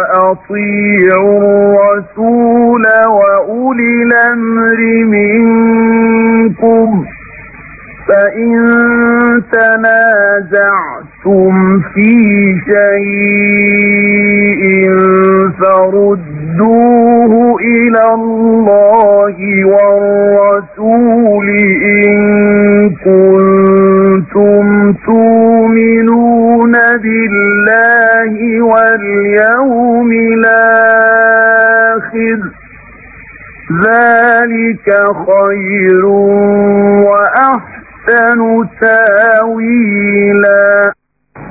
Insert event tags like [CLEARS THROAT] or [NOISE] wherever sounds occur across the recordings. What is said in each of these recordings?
وأطيعوا الرسول وأولي الأمر منكم فإن تنازعتم في شيء فردوه إلى الله والرسول إن كنتم كنتم تؤمنون بالله واليوم الآخر ذلك خير وأحسن تاويلا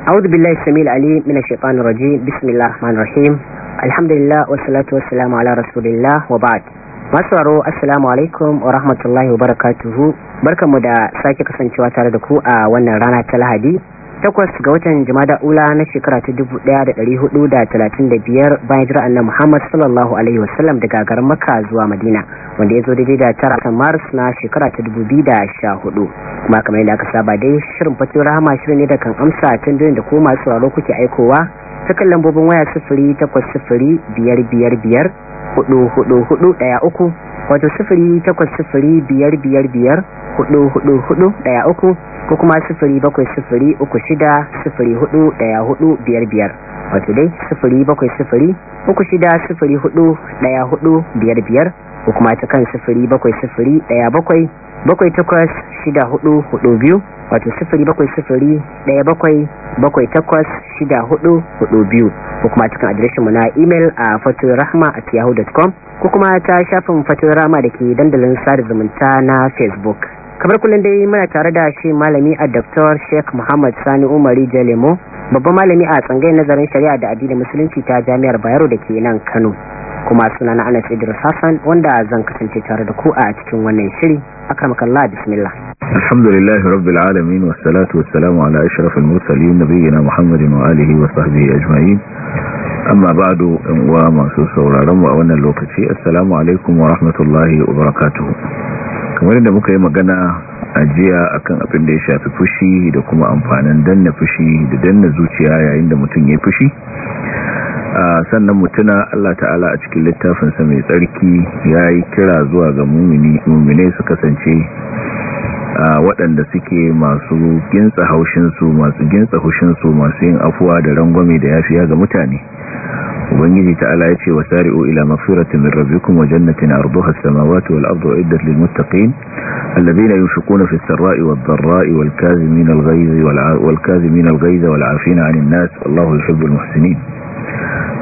أعوذ بالله السميع العليم من الشيطان الرجيم بسم الله الرحمن الرحيم الحمد لله والصلاة والسلام على رسول الله وبعد masu waro assalamu alaikum wa rahmatullahi wa barakatuhu barkanmu da sake kasancewa tare da ku a wannan rana ta lahadi takwas ga watan jimada ula na shekara ta dubu ɗaya da ɗari hudu da talatin da biyar bayan jira annan muhammad sallallahu alaihi wasallam daga garin maka zuwa madina wanda ya zo daidai da tara ta Mars na shekara ta dubu biyu da sha hudu kuma kamar yadda aka saba dai shirin fatin rahama shirin ne da kan amsa tun tambayoyin da ko masu waro kuke aikowa ta kan lambobin waya sifiri takwas sifiri biyar biyar biyar hudu hudu hudu daya uku wato sifiri takwas sifiri biyar biyar biyar hudu hudu hudu daya uku kukuma kuma sifiri bakwai sifiri uku shida sifiri hudu daya hudu biyar biyar wato dai sifiri bakwai sifiri uku shida sifiri hudu daya hudu biyar biyar ko ta kan sifiri bakwai sifiri daya bakwai bakwai takwas shida hudu hudu biyu wato sifiri bakwai sifiri daya bakwai bakwai takwas shida hudu hudu biyu ko kuma cikin adireshin mu na imel a faturahma a yahoo.com ko kuma ta shafin faturahma da ke dandalin sada zumunta na facebook kamar kullum dai mana tare da shi malami a dr sheikh muhammad sani umari jalemo babban malami a tsangayin nazarin shari'a da addinin musulunci ta jami'ar bayero da ke nan kano kuma sunana anas idris hassan wanda zan kasance tare da ku a cikin wannan shiri akramakallah bismillah alhamdulillahi rabbil alamin wassalatu wassalamu ala ashrafil mursalin nabiyina muhammadin wa alihi wa sahbihi ajma'in amma ba'du in uwa masu sauraron mu a wannan lokaci assalamu alaikum wa rahmatullahi wa barakatuh kamar da muka yi magana a jiya akan abin da ya shafi fushi da kuma amfanin danna fushi da danna zuciya yayin da mutum ya fushi sannan mutuna Allah ta'ala a cikin littafinsa mai tsarki ya yi kira zuwa ga mummune su kasance waɗanda suke masu ginsa haushinsu masu ginsa haushinsu masu yin afuwa da rangwame da yafiya ga mutane ubangiji ta'ala ya ce wa sari'u ila mafirati min rabbikum wa jannatin arduha as-samawati wal ardu iddat lil muttaqin alladhina yunfiquna fi as-sarra'i wad dharra'i wal kazimin al ghayzi wal kazimin al-ghayz wal 'afina 'anil nas wallahu yuhibbul muhsinin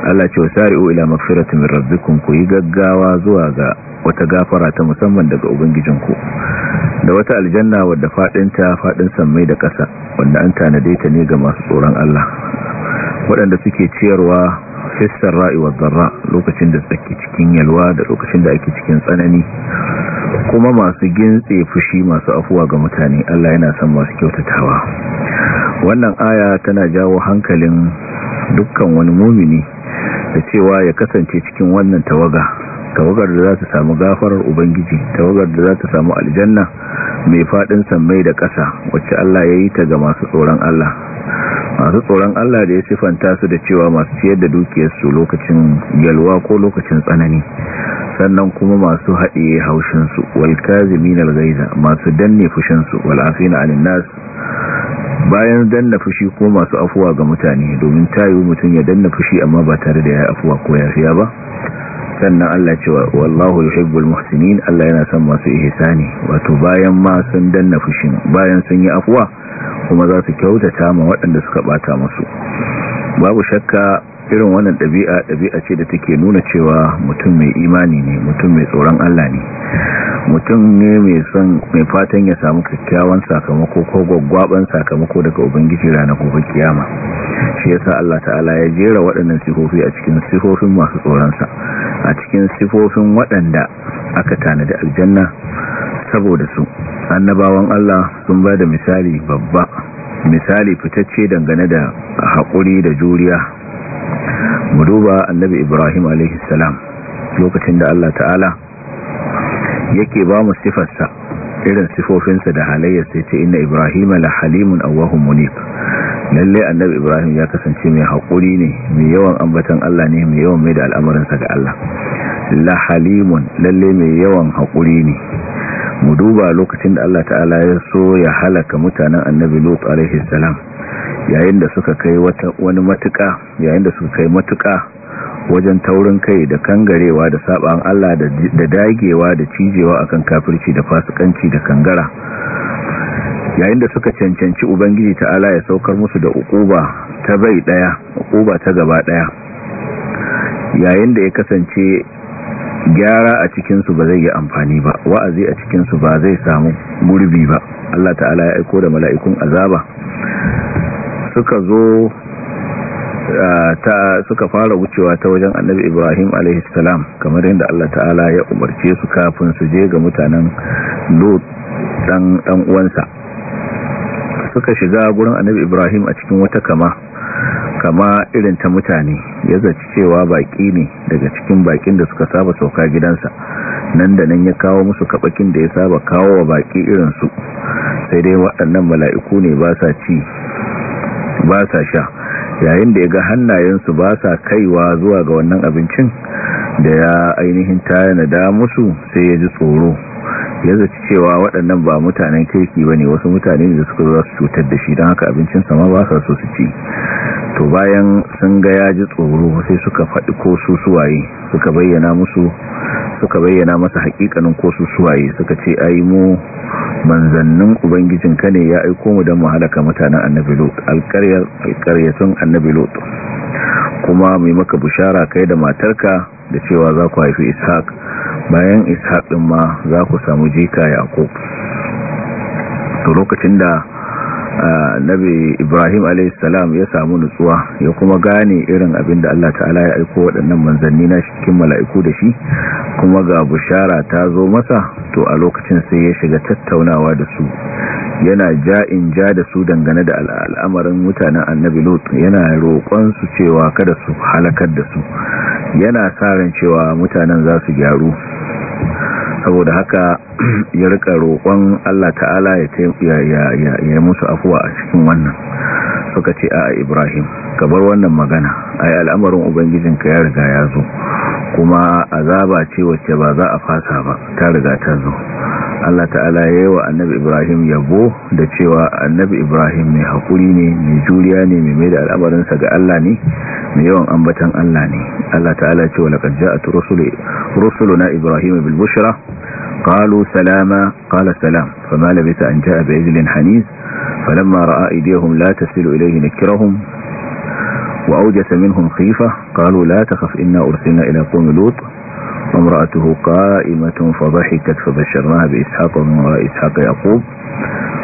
Allah ce wasari'u ila magfiratin min rabbikum ku yi gaggawa zuwa ga wata gafara ta musamman daga ubangijinku da wata aljanna wadda fadinta fadin sammai da ƙasa wanda an tanade ta ne ga masu tsoron Allah waɗanda suke ciyarwa fissar ra'i wa zarra lokacin da tsaki cikin yalwa da lokacin da ake cikin tsanani kuma masu gintse fushi masu afuwa ga mutane Allah yana son masu kyautatawa wannan aya tana jawo hankalin dukkan wani mumini da cewa ya kasance cikin wannan tawaga tawagar da za ta samu gafarar ubangiji tawagar da za ta samu aljanna mai fadin sammai da ƙasa wacce Allah ya yi ta ga masu tsoron Allah masu tsoron Allah da ya sifanta su da cewa masu ciyar da dukiyarsu lokacin yalwa ko lokacin tsanani sannan kuma masu haɗiye haushinsu wal kazimin al masu danne fushinsu wal afina 'anil bayan danna fushi ko masu afuwa ga mutane domin tayo mutum ya danna fushi amma ba tare da ya afuwa ko ya yafiya ba sannan Allah cewa wallahu yuhibbul muhsinin Allah yana son masu ihsani wato bayan ma sun danna fushin bayan sun yi afuwa kuma za su kyautata ma waɗanda suka bata musu babu shakka irin wannan ɗabi'a ɗabi'a ce da take nuna cewa mutum mai imani ne mutum mai tsoron Allah ne mutum ne mai son mai fatan ya samu kyakkyawan sakamako ko gwaggwaban sakamako daga ubangiji rana gobe kiyama shi yasa Allah ta'ala ya jera waɗannan sifofi a cikin sifofin masu tsoron sa, a cikin sifofin waɗanda aka tanadi aljanna saboda su annabawan Allah sun ba da misali babba misali fitacce dangane da haƙuri da juriya mu duba annabi ibrahim alaihi salam lokacin da Allah ta'ala yake ba mu sifarsa irin sifofinsa da halayyar sai ce inna ibrahim la halimun awahun munib lalle annabi ibrahim ya kasance mai haƙuri ne mai yawan ambatan Allah ne mai yawan mai da al'amuransa ga Allah la halimun lalle mai yawan haƙuri ne mu duba lokacin da Allah ta'ala ya so ya halaka mutanen annabi lut alaihi salam yayin da suka kai wani matuka yayin da suka kai matuka wajen taurin kai da kangarewa da saban Allah da dagewa da cijewa akan kafirci da fasikanci da kangara yayin da suka cancanci ubangiji ta'ala ya saukar musu da ukuba ta bai daya ukuba ta gaba daya yayin da ya kasance gyara a cikinsu ba zai yi amfani ba wa'azi a cikinsu ba zai samu gurbi ba Allah ta'ala ya aiko da mala'ikun azaba suka zo ta suka fara wucewa ta wajen annabi ibrahim a.s. kamar yadda allah ta'ala ya umarce su kafin su je ga mutanen lot dan uwansa suka shiga gurin annabi ibrahim a cikin wata kama kama irin ta mutane ya zaci cewa baki ne daga cikin bakin da suka saba sauka gidansa nan da nan ya kawo musu kabakin da ya saba kawo wa baki irinsu sai dai waɗannan mala'iku ne ba sa ci ba sa sha yayin da ya ga hannayensu ba sa kaiwa zuwa ga wannan abincin da ya ainihin tayana da musu sai ya ji tsoro ya zaci cewa waɗannan ba mutanen kirki ba ne wasu mutane da suka zo su cutar da shi don haka abincin sama ba sa so su ci to bayan sun ga ya ji tsoro sai suka faɗi ko su suwaye suka bayyana musu suka bayyana masa hakikanin ko su suwaye suka ce ai mu manzannin ubangijin ka ne ya aiko mu don mu halaka mutanen annabi lot alƙaryar alƙaryatun annabi lot kuma mai maka bushara kai da matarka da cewa za ku haifi ishaq bayan ishaq ɗin ma za ku samu jika yaƙub to lokacin da nabi ibrahim a.s. ya samu nutsuwa ya kuma gane irin abin da allah ta'ala ya aiko waɗannan manzanni na cikin mala'iku da shi kuma ga bushara ta zo masa to a lokacin sai ya shiga tattaunawa da su yana ja in ja da su dangane da al'amarin mutanen annabi lot yana roƙon su cewa kada su halakar da su yana karin cewa mutanen za su gyaru saboda haka [CLEARS THROAT] ya rika roƙon Allah ta'ala ya musu afuwa a cikin wannan suka ce a Ibrahim ka bar wannan magana A yi al'amarin ubangijinka ya riga ya zo kuma azaba ce wacce ba za a fasa ba ta riga ta zo Allah ta'ala ya yi wa annabi Ibrahim yabo da cewa annabi Ibrahim mai haƙuri ne mai juriya ne mai mai da al'amarinsa ga Allah ne mai yawan ambatan Allah ne Allah ta'ala ce wa laqad ja'at rusuluna Ibrahim bil bushra qalu salama qala salam fama labisa an ja'a bi ijlin hanis falamma ra'a aydihim la tasilu ilayhi nakirahum وأوجس منهم خيفة قالوا لا تخف إنا أرسلنا إلى قوم لوط وامرأته قائمة فضحكت فبشرناها بإسحاق ومن وراء إسحاق يعقوب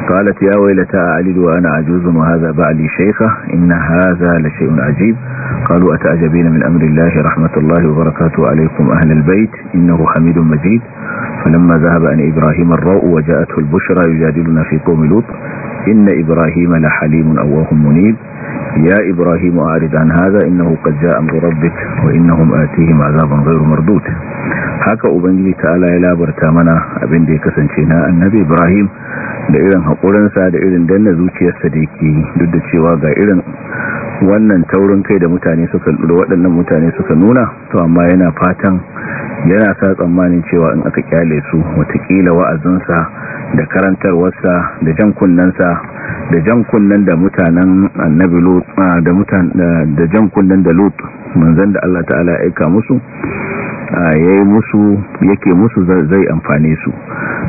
قالت يا ويلتا أعلد وأنا عجوز وهذا بعلي شيخة إن هذا لشيء عجيب قالوا أتعجبين من أمر الله رحمة الله وبركاته عليكم أهل البيت إنه حميد مجيد فلما ذهب عن إبراهيم الروء وجاءته البشرى يجادلنا في قوم لوط إن إبراهيم لحليم أواه منيب ya ibrahim arid an hadha innahu qad jaa amru rabbik wa innahum atihim azaban ghayru haka ubangiji ta'ala ya labarta mana abin da ya kasance na annabi ibrahim da irin haƙurinsa da irin danna zuciyarsa da yake duk da cewa ga irin wannan taurin kai da mutane suka da waɗannan mutane suka nuna to amma yana fatan yana sa tsammanin cewa in aka kyale su watakila wa'azinsa da karantarwarsa da jan kunnensa da jan kunnen da mutanen annabi lot da mutan da jan kunnen da lot manzon da Allah ta'ala aika musu yayi musu yake musu zai amfane su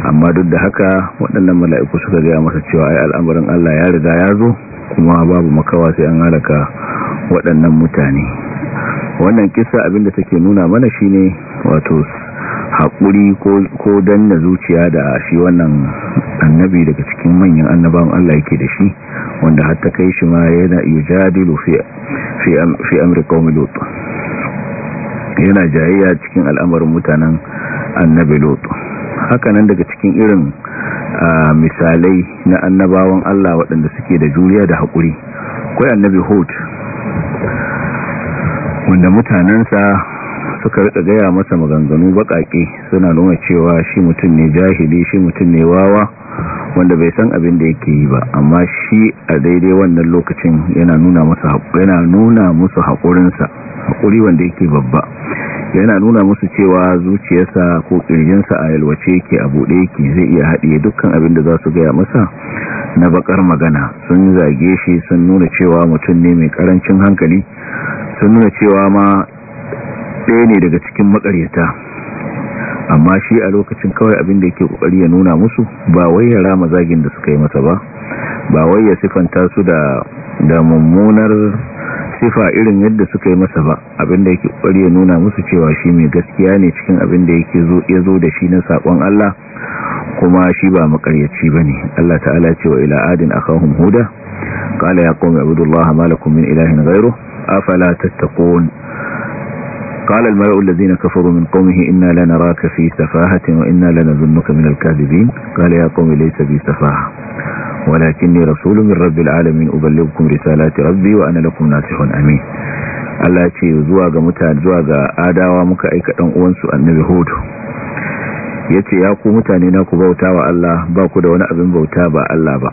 amma duk da haka waɗannan mala'iku suka ga masa cewa ai al'amarin Allah ya riga ya zo kuma babu makawa sai an halaka waɗannan mutane wannan kisa abinda take nuna mana shine wato haƙuri ko danna zuciya da shi wannan annabi daga cikin manyan annabawan Allah yake da shi wanda hatta kai shi ma yana yujadilu fi amri qaumi lut yana jayayya cikin al'amarin mutanen annabi lut hakanan daga cikin irin misalai na annabawan Allah waɗanda suke da juriya da haƙuri akwai annabi hot wanda mutanensa suka rika gaya masa maganganu bakake suna nuna cewa shi mutum ne jahili shi mutum ne wawa wanda bai san abin da yake yi ba amma shi a daidai wannan lokacin yana nuna musu yana nuna musu haƙurinsa haƙuri wanda yake babba yana nuna musu cewa zuciyarsa ko ƙirjinsa a yalwace yake a buɗe yake zai iya haɗiye dukkan abin da za su gaya masa na bakar magana sun zage shi sun nuna cewa mutum ne mai ƙarancin hankali sun nuna cewa ma ɗaya ne daga cikin makaryata amma shi a lokacin kawai abin da yake kokari ya nuna musu ba wai ya rama zagin da suka yi masa ba ba wai ya sifanta su da da mummunar sifa irin yadda suka yi masa ba abin da yake kokari ya nuna musu cewa shi mai gaskiya ne cikin abin da yake zo ya zo da shi na sakon Allah kuma shi ba makaryaci bane Allah ta'ala ce wa ila adin akahum huda qala ya qaumi abudullaha malakum min ilahin ghayru afala tattaqun قال الملأ الذين كفروا من قومه إنا لنراك في سفاهة وإنا لنظنك من الكاذبين قال يا قوم ليس بي سفاهة ولكني رسول من رب العالمين أبلغكم رسالات ربي وأنا لكم ناسح أمين Allah ce zuwa ga mutane zuwa ga adawa muka aika dan uwansu annabi Hud yace ya ku mutane na ku bauta wa Allah ba ku da wani abin bauta ba Allah ba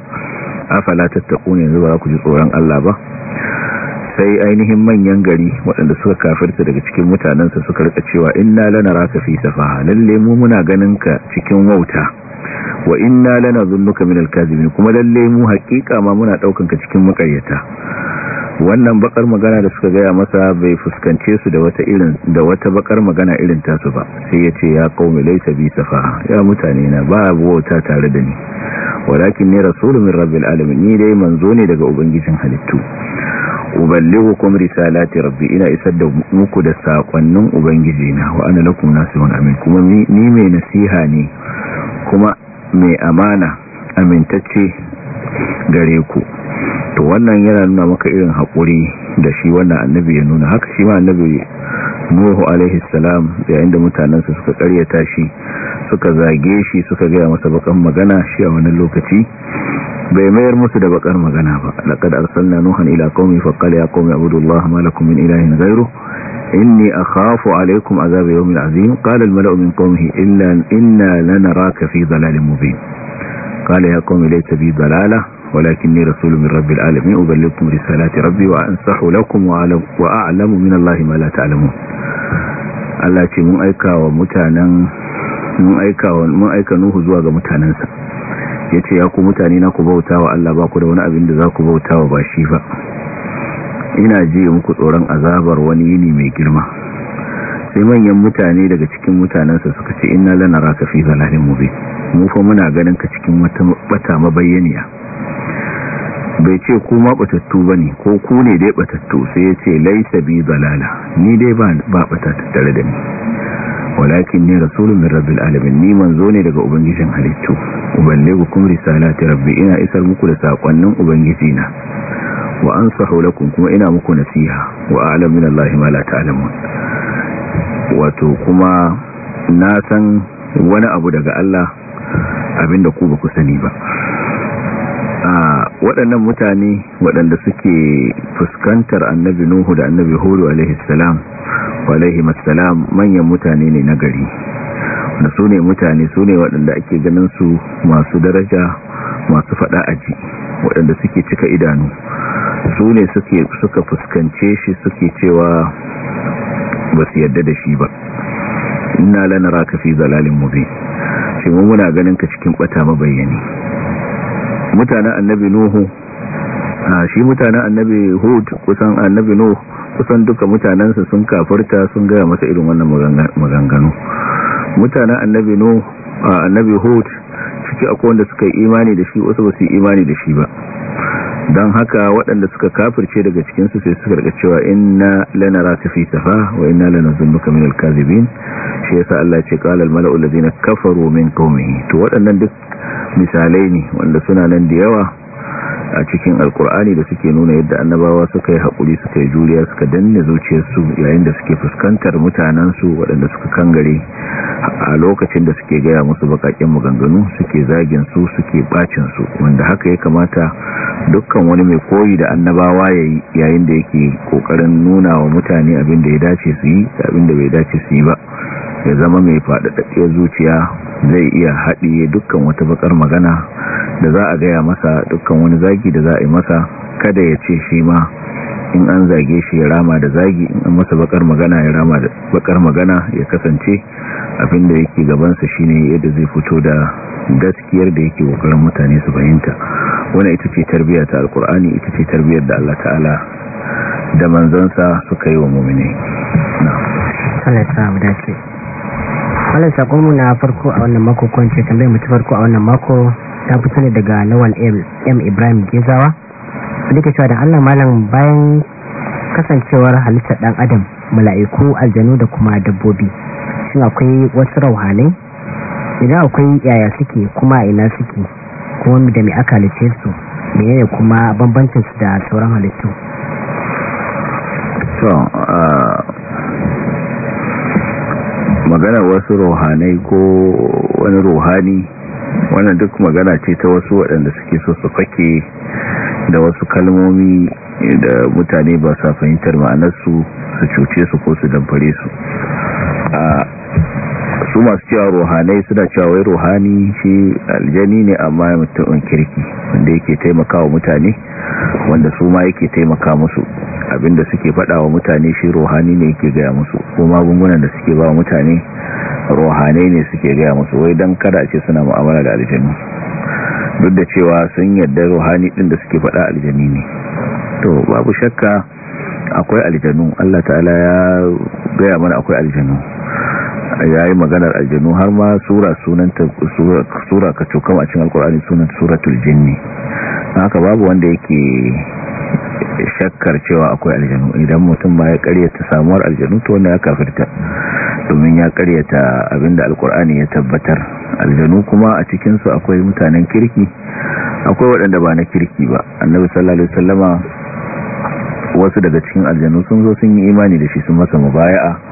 afala tattaqun yanzu ba ku ji tsoron Allah ba sai ainihin manyan gari waɗanda suka kafirta daga cikin mutanensa suka rika cewa inna lana raka fi safaha lalle mu muna ganin ka cikin wauta wa inna lana zunnuka minal kadhibin kuma lalle mu haƙiƙa ma muna daukan ka cikin makaryata wannan bakar magana da suka gaya masa bai fuskance su da wata irin wata bakar magana irin tasu ba sai yace ya qaumi laysa bi safa ya mutane na ba wauta tare da ni walakin ni rasulun min rabbil alamin ni dai manzo ne daga ubangijin halittu uballighukum risalati rabbi ina isar da muku da sakonnin ubangiji na wa ana lakum nasihun amin kuma ni mai nasiha ne kuma mai amana amintacce gare ku to wannan yana nuna maka irin haƙuri da shi wannan annabi ya nuna haka shi ma annabi nuhu alaihi salam yayin da mutanensa suka karyata shi suka zage shi suka gaya masa bakan magana shi a wani lokaci bai mayar musu da bakar magana ba laqad arsalna nuhan ila qaumi fa qala ya qaumi abudu allaha ma lakum min ilahin ghayru inni akhafu alaykum azab yawmin azim qala al mala'u min qaumihi illa inna lanaraka fi dhalalin mubin qala ya qaumi laysa bi dhalalah walakinni rasulun min rabbil alamin uballighukum risalati rabbi wa ansahu lakum wa a'lamu min allahi ma la ta'lamun Allah ce mun aika wa mutanen mun aika nuhu zuwa ga yace ya ku mutane na ku bauta wa Allah ba ku da wani abin da za ku bautawa ba shi ba ina ji muku tsoron azabar wani yini mai girma sai manyan mutane daga cikin mutanensa suka ce inna lana raka fi zalalin mubin mu fa muna ganin ka cikin wata bata mabayyaniya bai ce ku ma batattu ba ne ko ku ne dai batattu sai ya ce laisa bi zalala ni dai ba batattu tare da ni walakin ne rasulun min rabbil alamin ni manzo ne daga ubangijin halittu uballe risala risalati rabbi ina isar muku da sakonnin ubangiji na wa ansahu lakum kuma ina muku nasiha wa a'lamu min allahi ma la ta'lamun wato kuma na san wani abu daga Allah abinda ku ba ku sani ba waɗannan mutane waɗanda suke fuskantar annabi nuhu da annabi huru alaihissalam manyan mutane ne na gari wanda su ne mutane su ne waɗanda ake ganin su masu daraja masu faɗa aji waɗanda suke cika idanu su ne suka fuskance shi suke cewa ba su yadda da shi ba ina lanaraka fi zalalin mube shi mu muna ganin ka cikin bata mabayyani mutanen annabi nuhu shi mutanen annabi hud kusan annabi nuhu kusan duka mutanensa sun kafarta sun gaya masa irin wannan maganganu mutanen annabi nuhu annabi hud ciki akwai wanda suka yi imani da shi wasu ba su yi imani da shi ba don haka waɗanda suka kafirce daga cikinsu sai suka daga cewa inna lana raka fi safa wa inna lana zunnuka min alkazibin shi yasa Allah ce qala almala'u allazina kafaro min qaumihi to waɗannan duk misalai ne wanda suna nan da yawa a cikin alkur'ani da suke nuna yadda annabawa suka yi haƙuri suka yi juriya suka danne zuciyarsu yayin da suke fuskantar mutanensu waɗanda suka kangare a lokacin da suke gaya musu baƙaƙen maganganu suke zagin su suke bacin su wanda haka ya kamata dukkan wani mai koyi da annabawa yayi yayin da yake kokarin nuna wa mutane abin da ya dace su yi da abin da bai dace su yi ba ya zama mai faɗaɗaɗɗiyar zuciya zai iya haɗiye dukkan wata bakar magana da za a gaya masa dukkan wani zagi da za a yi masa kada ya ce shi ma in an zage shi ya rama da zagi in an masa bakar magana ya rama da bakar magana ya kasance abinda yake gabansa shine yadda zai fito da gaskiyar da yake kokarin mutane su fahimta wani ita ce tarbiyyar ta alkur'ani ita ce tarbiyyar da Allah ta'ala da manzansa suka yi wa mu'mini na wannan mu na farko a wannan mako kwanci mu mutu farko a wannan mako ta fito ne daga lawal m ibrahim gezawa duka cewa da allah malam bayan kasancewar halittar dan adam mala'iku aljanu da kuma dabbobi shin akwai wasu rauhanai idan akwai yaya suke kuma ina suke kuma da mai aka halice su menene kuma bambancin su da sauran halittu ah, magana wasu rohanai ko wani rohani wannan duk magana ce ta wasu waɗanda suke so su fake da wasu kalmomi da mutane ba sa fahimtar ma'anarsu su cuce su ko su damfare su su masu cewa ruhanai suna cewa wai rohani shi aljani ne amma mutumin kirki wanda yake taimakawa mutane wanda su ma yake taimaka musu abinda suke faɗa wa mutane shi ruhani ne yake gaya musu ko magungunan da suke ba mutane ruhanai ne suke gaya musu wai dan kada a ce suna mu'amala da aljanu duk da cewa sun yarda ruhani ɗin da suke faɗa aljanni ne to babu shakka akwai aljanu Allah ta'ala ya gaya mana akwai aljanu ya yi maganar aljanu har ma sura sunanta sura ka cokam cikin alkur'ani sunan suratul jinni haka babu wanda yake shakkar cewa akwai aljanu idan mutum ma ya karyata samuwar aljanu to wanda ya kafirta domin ya karyata abinda alkur'ani ya tabbatar aljanu kuma a cikinsu akwai mutanen kirki akwai waɗanda ba na kirki ba annabi sallallahu alaihi wasallama wasu daga cikin aljanu sun zo sun yi imani da shi sun masa mubaya'a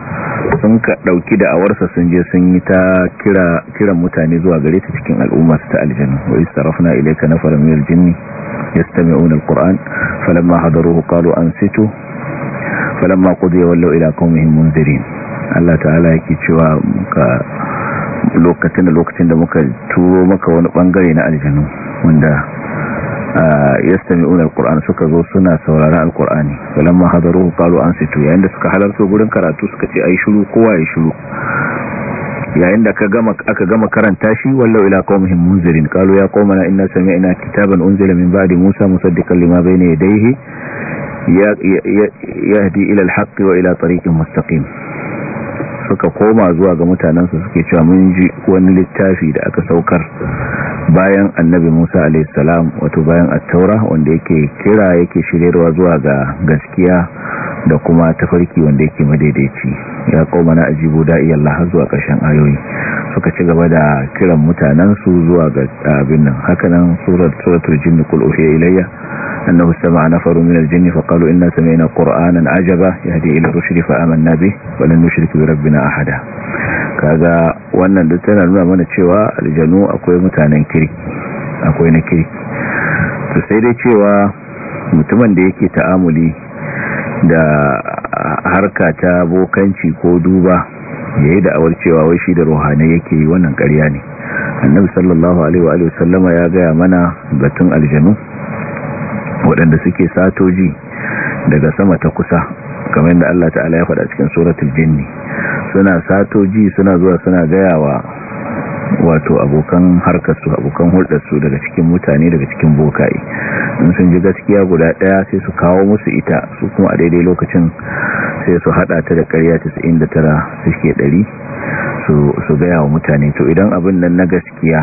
sun ka dauki da awarsa sun je sun yi ta kira kiran mutane zuwa gare ta cikin al'umma ta aljanna wa istarafna ilayka nafar min aljinn yastami'una alquran falamma hadaruhu qalu ansitu falamma qudiya wallu ila qaumihim munzirin Allah ta'ala yake cewa ka lokacin da lokacin da muka turo maka wani bangare na aljanu wanda yastami'una alqur'ana suka zo suna sauraron alqur'ani falamma hadaruhu qalu ansitu yayin da suka halarto gurin karatu suka ce ai shiru kowa ya shiru yayin da aka gama karanta shi wallau ila qaumihim munzirin qalu ya qaumana inna sami'na kitaban unzila min ba'di musa musaddiqan lima bayna yadayhi yahdi ila alhaqqi wa ila tariqin mustaqim suka koma zuwa ga mutanensu suke cewa mun ji wani littafi da aka saukar bayan annabi Musa alaihissalam wato bayan attaura wanda yake kira yake shiryarwa zuwa ga gaskiya da kuma tafarki wanda yake madaidaici ya kawo mana ajibu da'iyar lahar har zuwa ƙarshen ayoyi suka ci gaba da kiran mutanensu zuwa ga abin nan hakanan surat suratul jinni qul uhiya ilayya annahu sama'a nafarun min al-jinn fa qalu inna sami'na qur'anan ajaba yahdi ila rushd fa amanna bih wa lan nushrik bi rabbina ahada kaga wannan duk tana nuna mana cewa aljanu akwai mutanen kiri akwai na kiri to sai dai cewa mutumin da yake ta'amuli da harka ta bokanci ko duba ya yi da'awar cewa wai shi da ruhane yake yi wannan karya ne annabi sallallahu alaihi wa sallama ya gaya mana batun aljanu waɗanda suke satoji daga sama ta kusa kamar yadda Allah ta'ala ya faɗa cikin suratul jinni suna satoji suna zuwa suna gaya wa wato abokan harkarsu abokan hulɗarsu daga cikin mutane daga cikin bokaye in sun ji gaskiya guda ɗaya sai su kawo musu ita su kuma a daidai lokacin sai su haɗa ta da ƙarya 99 suke ɗari su gaya wa mutane to idan abin nan na gaskiya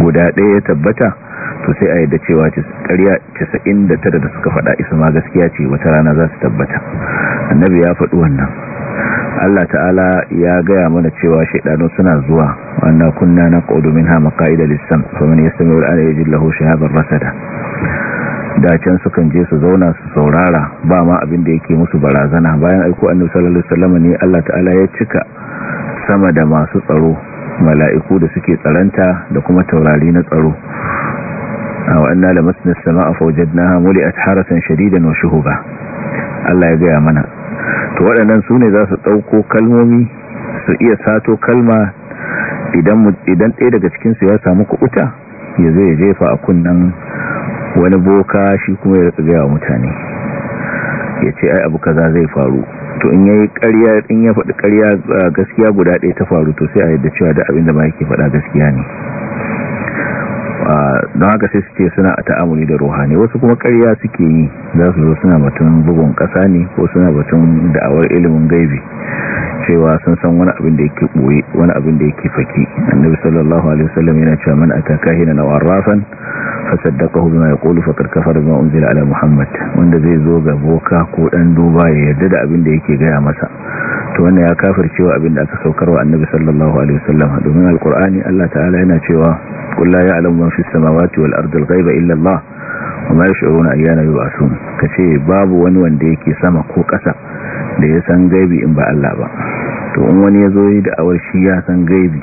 guda ɗaya ya tabbata to sai a yadda cewa ƙarya 99 da suka faɗa isa ma gaskiya ce wata rana za su tabbata annabi ya faɗi wannan Allah ta'ala ya gaya mana cewa shaidanu suna zuwa wannan kunna na ƙodomin ha maqaida lissan fa ya sami wul'ana ya jin lahu da. rasada can sukan je su zauna su saurara ba ma abin da yake musu barazana bayan aiko annabi sallallahu alaihi wasallam ne Allah ta'ala ya cika sama da masu tsaro mala'iku da suke tsaranta da kuma taurari na tsaro A wa'anna lamasna as-samaa fawajadnaha muli'at harasan shadidan wa shuhuba Allah ya gaya mana to waɗannan su ne za su ɗauko kalmomi su iya sato kalma idan ɗaya daga cikinsu ya samu kuɓuta ya zai jefa a kunnen wani boka shi kuma ya gaya wa mutane ya ce ai abu kaza zai faru to in yayi ƙarya in ya faɗi ƙarya gaskiya guda ɗaya ta faru to sai a yadda cewa da abin da ba yake faɗa gaskiya ne don haka sai suke suna a ta'amuli da ruhani wasu kuma karya suke yi za su zo suna batun bugun ƙasa ne ko suna batun da'awar ilimin gaibi cewa sun san wani abin da yake boye wani abin da yake faki annabi sallallahu alaihi wasallam yana cewa man ataka hina na warafan fa saddaqahu bima yaqulu faqad kafara bima unzila ala muhammad wanda zai zo ga boka ko dan duba ya yarda da abin da yake gaya masa to wannan ya kafircewa abin da aka saukarwa annabi sallallahu alaihi wasallam domin alqur'ani Allah ta'ala yana cewa qul la ya'lamu man fis samawati wal ardi al ghaiba illa Allah wa ma yash'uruna ayyana yub'athun kace babu wani wanda yake sama ko ƙasa da ya san gaibi in ba Allah ba to in wani ya zo yi da awar shi ya san gaibi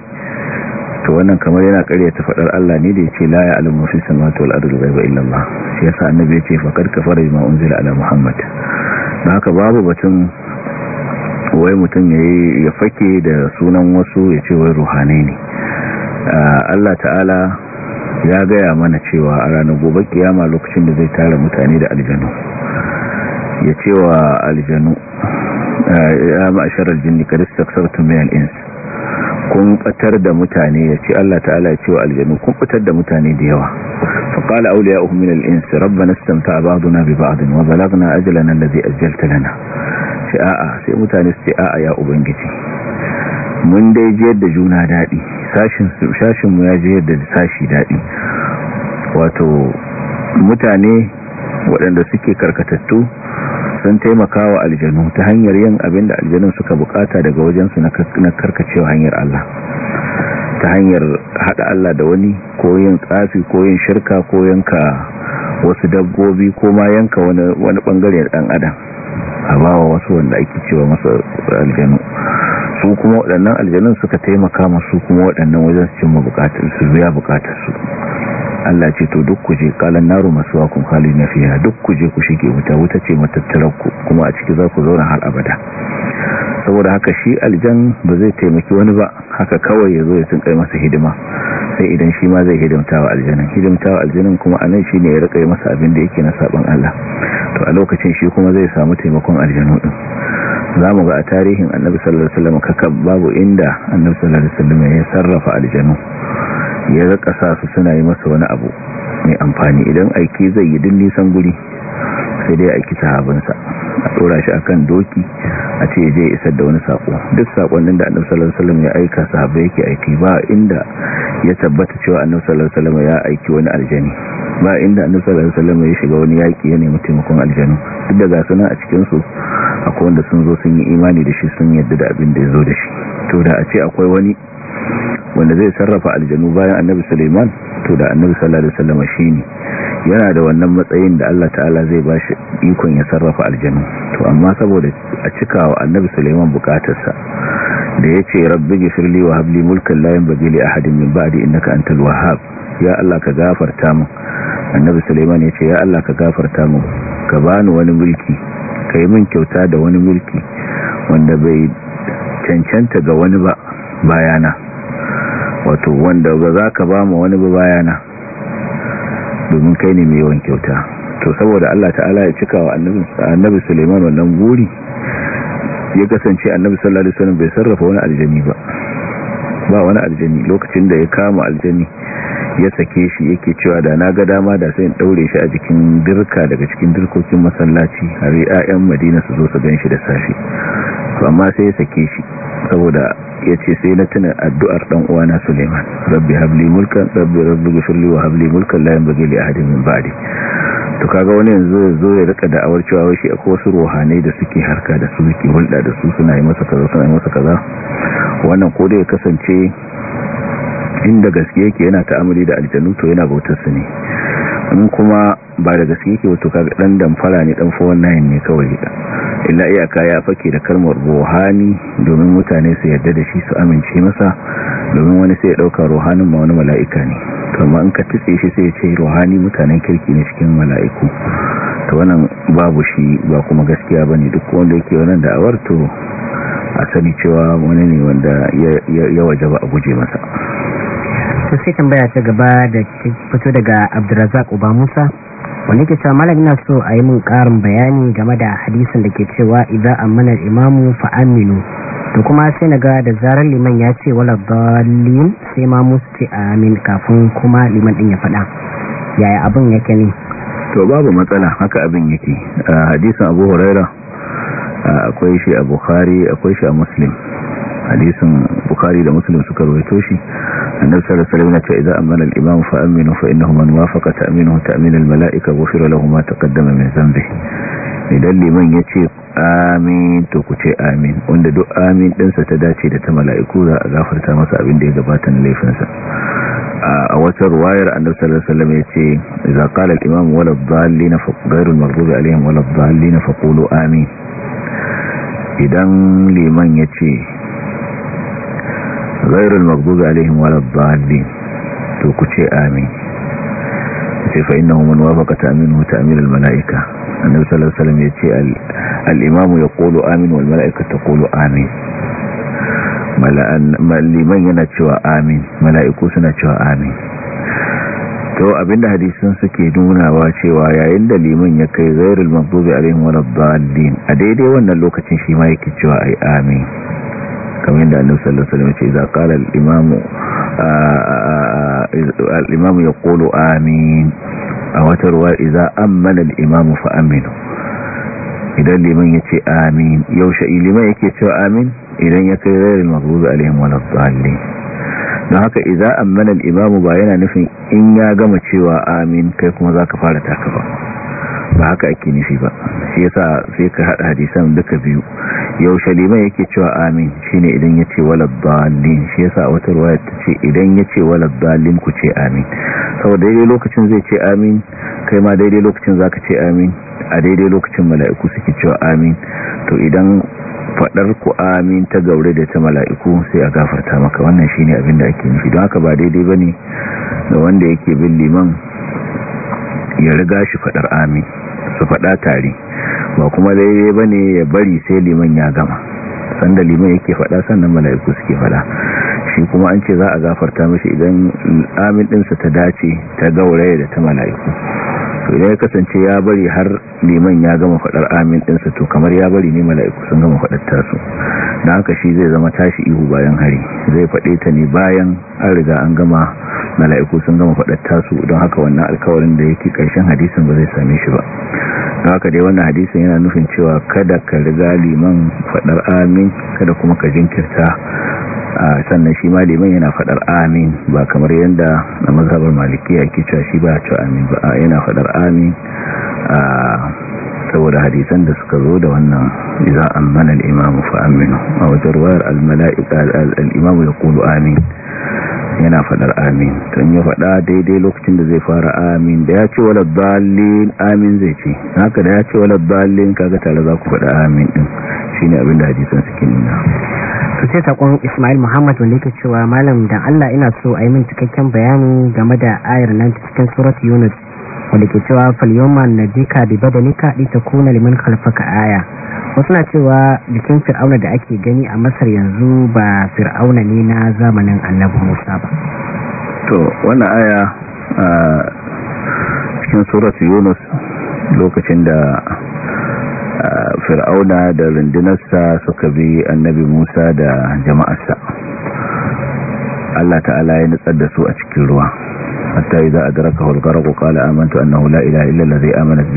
to wannan kamar yana ta fadar Allah ne da yace la ya alimu fi samawati wal ardi ghaiba illa Allah shi yasa annabi yace kad kafara bima unzila ala muhammad haka babu batun wai mutum ya fake da sunan wasu ya ce wai ruhane ne Allah ta'ala ya gaya mana cewa a ranar gobe kiyama lokacin da zai tara mutane da aljanu ya ce wa aljanu eh, ya ma'asharar jinni kadis taksartun min al-ins kun batar da mutane ya ce Allah ta'ala ya ce wa aljanu kun batar da mutane da yawa fa qala ya min al-ins rabbana istamta'a ba'duna bi ba'din wa nan ajalana zai ajjalta lana ce a'a sai mutane su ce a'a ya ubangiji mun dai jiyar da juna daɗi sashin mu ya jiyar da sashi daɗi wato mutane waɗanda suke karkatattu sun taimaka wa aljanu ta hanyar yin abin da aljanun suka bukata daga wajensu na karkacewa hanyar Allah ta hanyar hada Allah da wani ko yin tsafi ko yin shirka ko yanka wasu dabbobi ko ma yanka wani bangare dan adam a bawa wasu wanda ake cewa masa aljanu su kuma waɗannan aljanun suka taimaka masu kuma waɗannan wajen cin su biya bukatar su Allah ce to duk kuje qalan naru maswaakum na fiya duk kuje ku shige wuta wuta ce matattararku kuma a ciki za ku zauna har abada saboda haka shi aljan ba zai taimaki wani ba haka kawai ya zo ya tunkai masa hidima sai idan shi ma zai hidimta wa aljanin hidimta wa aljanin kuma a nan shi ne ya rika yi masa abin da yake na saban Allah to a lokacin shi kuma zai samu taimakon aljanu din za mu ga a tarihin annabi sallallahu alaihi wasallam kaka babu inda annabi sallallahu alaihi wasallam ya sarrafa aljanu ya rika sa su suna yi masa wani abu mai amfani idan aiki zai yi din nisan guri sai dai aiki sahabinsa a tsora shi akan doki a ce je isar da wani sako duk sakonnin da annabi sallallahu alaihi ya aika sahabbai yake aiki ba inda ya tabbata cewa annabi sallallahu alaihi ya aiki wani aljani ba inda annabi sallallahu alaihi ya shiga wani yaki ya nemi taimakon aljanu duk da ga a cikin su akwai wanda sun zo sun yi imani da shi sun yarda da abin da ya zo da shi to da a ce akwai wani wanda zai sarrafa aljanu bayan annabi suleiman to da annabi sallallahu alaihi wasallam shine yana da wannan matsayin da Allah ta'ala zai ba shi ikon ya sarrafa aljanu to amma saboda a cikawa annabi suleiman bukatarsa da yace rabbi gifirli wa habli mulkan la yanbaghi li ahadin min ba'di innaka antal wahhab ya Allah ka gafarta mu annabi suleiman yace ya Allah ka gafarta mu ka bani wani mulki ka yi min kyauta da wani mulki wanda bai cancanta ga wani ba bayana wato wanda ba za ka ba ma wani bayana domin kai ne mai yawan kyauta to saboda Allah ta'ala ya cika wa annabi Suleiman wannan buri ya kasance annabi sallallahu alaihi wasallam bai sarrafa wani aljani ba ba wani aljani lokacin da ya kama aljani ya sake shi yake cewa da na ga dama da sai in daure shi a jikin dirka daga cikin dirkokin masallaci har 'ya'yan Madina su zo su gan shi da safe to amma sai ya sake shi saboda ya ce sai na tuna addu'ar ɗan uwana suleiman rabbi habli mulkan rabbi rabbi gifirli wa habli mulkan layan bage li hadin min to kaga wani yanzu ya zo ya rika da'awar cewa wai shi akwai wasu ruhanai da suke harka da su suke hulɗa da su suna yi masa kaza suna yi masa kaza wannan ko da ya kasance inda gaske yake yana ta'amuli da aljanu to yana bautar su ne in kuma ba da gaske yake wato ka dan damfara ne dan fowan nayin ne kawai da illa iyaka ya fake da kalmar ruhani domin mutane su yarda da shi su amince masa domin wani sai ya dauka ruhanin ma wani mala'ika ne amma in ka tsitse shi sai ya ce ruhani mutanen kirki ne cikin mala'iku to wannan babu shi ba kuma gaskiya bane duk wanda yake wannan da to a sani cewa wani ne wanda ya waje ba a guje masa to sai tambaya ta gaba da fito daga abdurazak uba musa wani ke cewa malam ina so a yi min karin bayani game da hadisin da ke cewa idza mana imamu fa aminu to kuma sai na ga da zarar liman ya ce wala dalilin sai ma musu ce amin kafin kuma liman din ya faɗa yaya abin yake ne to babu matsala haka abin yake hadisin abu huraira akwai shi a bukhari akwai shi a muslim hadisin bukhari da muslim suka rawaito shi annabi sallallahu alaihi wasallam ya ce idan amana al-imam fa aminu fa innahu man wafaqa ta'minuhu ta'min al-mala'ika ghufira lahu ma taqaddama min dhanbi idan liman ya ce amin to ku ce amin wanda duk amin ɗinsa ta dace da ta mala'iku za a gafarta masa abin da ya gabata na laifinsa a wata ruwayar annabi sallallahu alaihi wasallam yace idza qala al-imam wala dhallina fa ghayrul maghdubi alaihim wala dhallina fa qulu amin idan liman yace ghairul maghdubi alaihim waladdallin to ku ce amin sai fa innahu man wafaqa ta'minuhu ta'min al mala'ika annabi sallallahu alaihi wasallam yace al imam yaqulu amin mala'ika taqulu amin yana cewa amin mala'iku suna cewa amin to abinda hadisin suke nunawa cewa yayin da liman ya kai ghairul maghdubi alaihim waladdallin a daidai wannan lokacin shi ma yake cewa ai amin kamar da annabi sallallahu alaihi wasallam ce za qala al-imamu al-imamu yaqulu amin a wata ruwa idza ammana al-imamu fa aminu idan liman yace amin yaushe liman yake cewa amin idan ya kai rayil maghdubi alaihim waladdallin don haka idza ammana al-imamu ba yana nufin in ya gama cewa amin kai kuma zaka fara taka ba ba haka ake nufi ba shi yasa sai ka hada hadisan duka biyu yaushe liman yake cewa amin shine idan yace walad dalin shi yasa wata riwaya tace idan yace walad dalin ku ce amin saboda daidai lokacin zai ce amin kai ma daidai lokacin zaka ce amin a daidai lokacin mala'iku suke cewa amin to idan fadar ku amin ta gaure da ta mala'iku sai a gafarta maka wannan shine abin da ake nufi don haka ba daidai bane da wanda yake bin liman ya riga shi fadar amin su faɗa tare ba kuma daidai ba ne ya bari sai liman ya gama sanda liman yake faɗa sannan mala'iku suke faɗa shi kuma an ce za a gafarta mashi idan amin ɗinsa ta dace ta gauraya da ta mala'iku idan ya kasance ya bari har liman ya gama faɗar amin ɗinsa to kamar ya bari ne mala'iku sun gama faɗar tasu don haka shi zai zama tashi ihu bayan hari zai faɗe ta ne bayan an riga an gama mala'iku sun gama faɗar tasu don haka wannan alkawarin da yake ƙarshen hadisin ba zai same shi ba don haka dai wannan hadisin yana nufin cewa kada ka riga liman faɗar amin kada kuma ka jinkirta sannan shi maliman yana fadar amin ba kamar yadda na mazhabar maliki ke cewa shi ba cewa amin ba yana fadar amin saboda hadisan da suka zo da wannan iza amana al-imamu fa aminu a wajen ruwayar al-mala'ika al-imamu ya kulu amin yana fadar amin don yi fada daidai lokacin da zai fara amin da ya ce wala amin zai ce haka da ya ce wala dalil kaga tare za ku fada amin din ne abin da hadisan suke nuna to ce sakon Ismail Muhammad wanda yake cewa malam dan Allah ina so a yi min cikakken bayani game da ayar nan cikin surat Yunus wanda ke cewa falyoma da bi ta kuna liman kalfaka aya wasu na cewa jikin fir'auna da ake gani a masar yanzu ba fir'auna ne na zamanin annabi musa ba to wani aya a cikin surat yunus lokacin da fir'auna da rundunarsa suka bi annabi musa da jama'arsa Allah ta'ala ya nutsar da su a cikin ruwa hatta a daraka al-gharq qala amantu annahu la'ila ilaha illa allazi amanat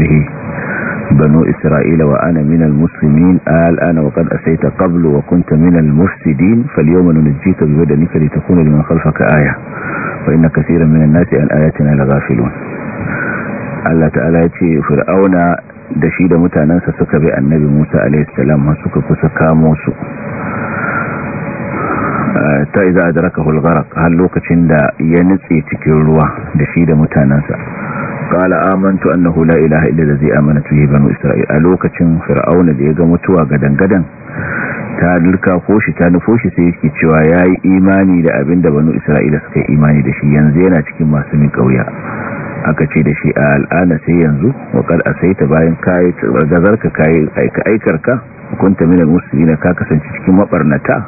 بنو إسرائيل وأنا من المسلمين قال آه، أنا وقد أسيت قبل وكنت من المفسدين فاليوم ننجيك بودنك لتكون لمن خلفك آية وإن كثيرا من الناس عن آياتنا لغافلون ألا تألا يتي فرعون دشيد متاناس سكب النبي موسى عليه السلام وسكك سكا موسى ta iza adaraka hulgarak har lokacin ينسي ya nutse cikin qala amantu annahu la ilaha illa allazi amanat bihi banu isra'il a lokacin fir'auna da ya ga mutuwa gadan gadan ta lurka ko shi ta nufo shi sai yake cewa yayi imani da abin da banu isra'ila suka yi imani da shi yanzu yana cikin masu min kauya aka ce da shi a al'ana sai yanzu wa qad asaita bayan kai gazarka kai aika aikarka kunta minal muslimina ka kasance cikin mabarnata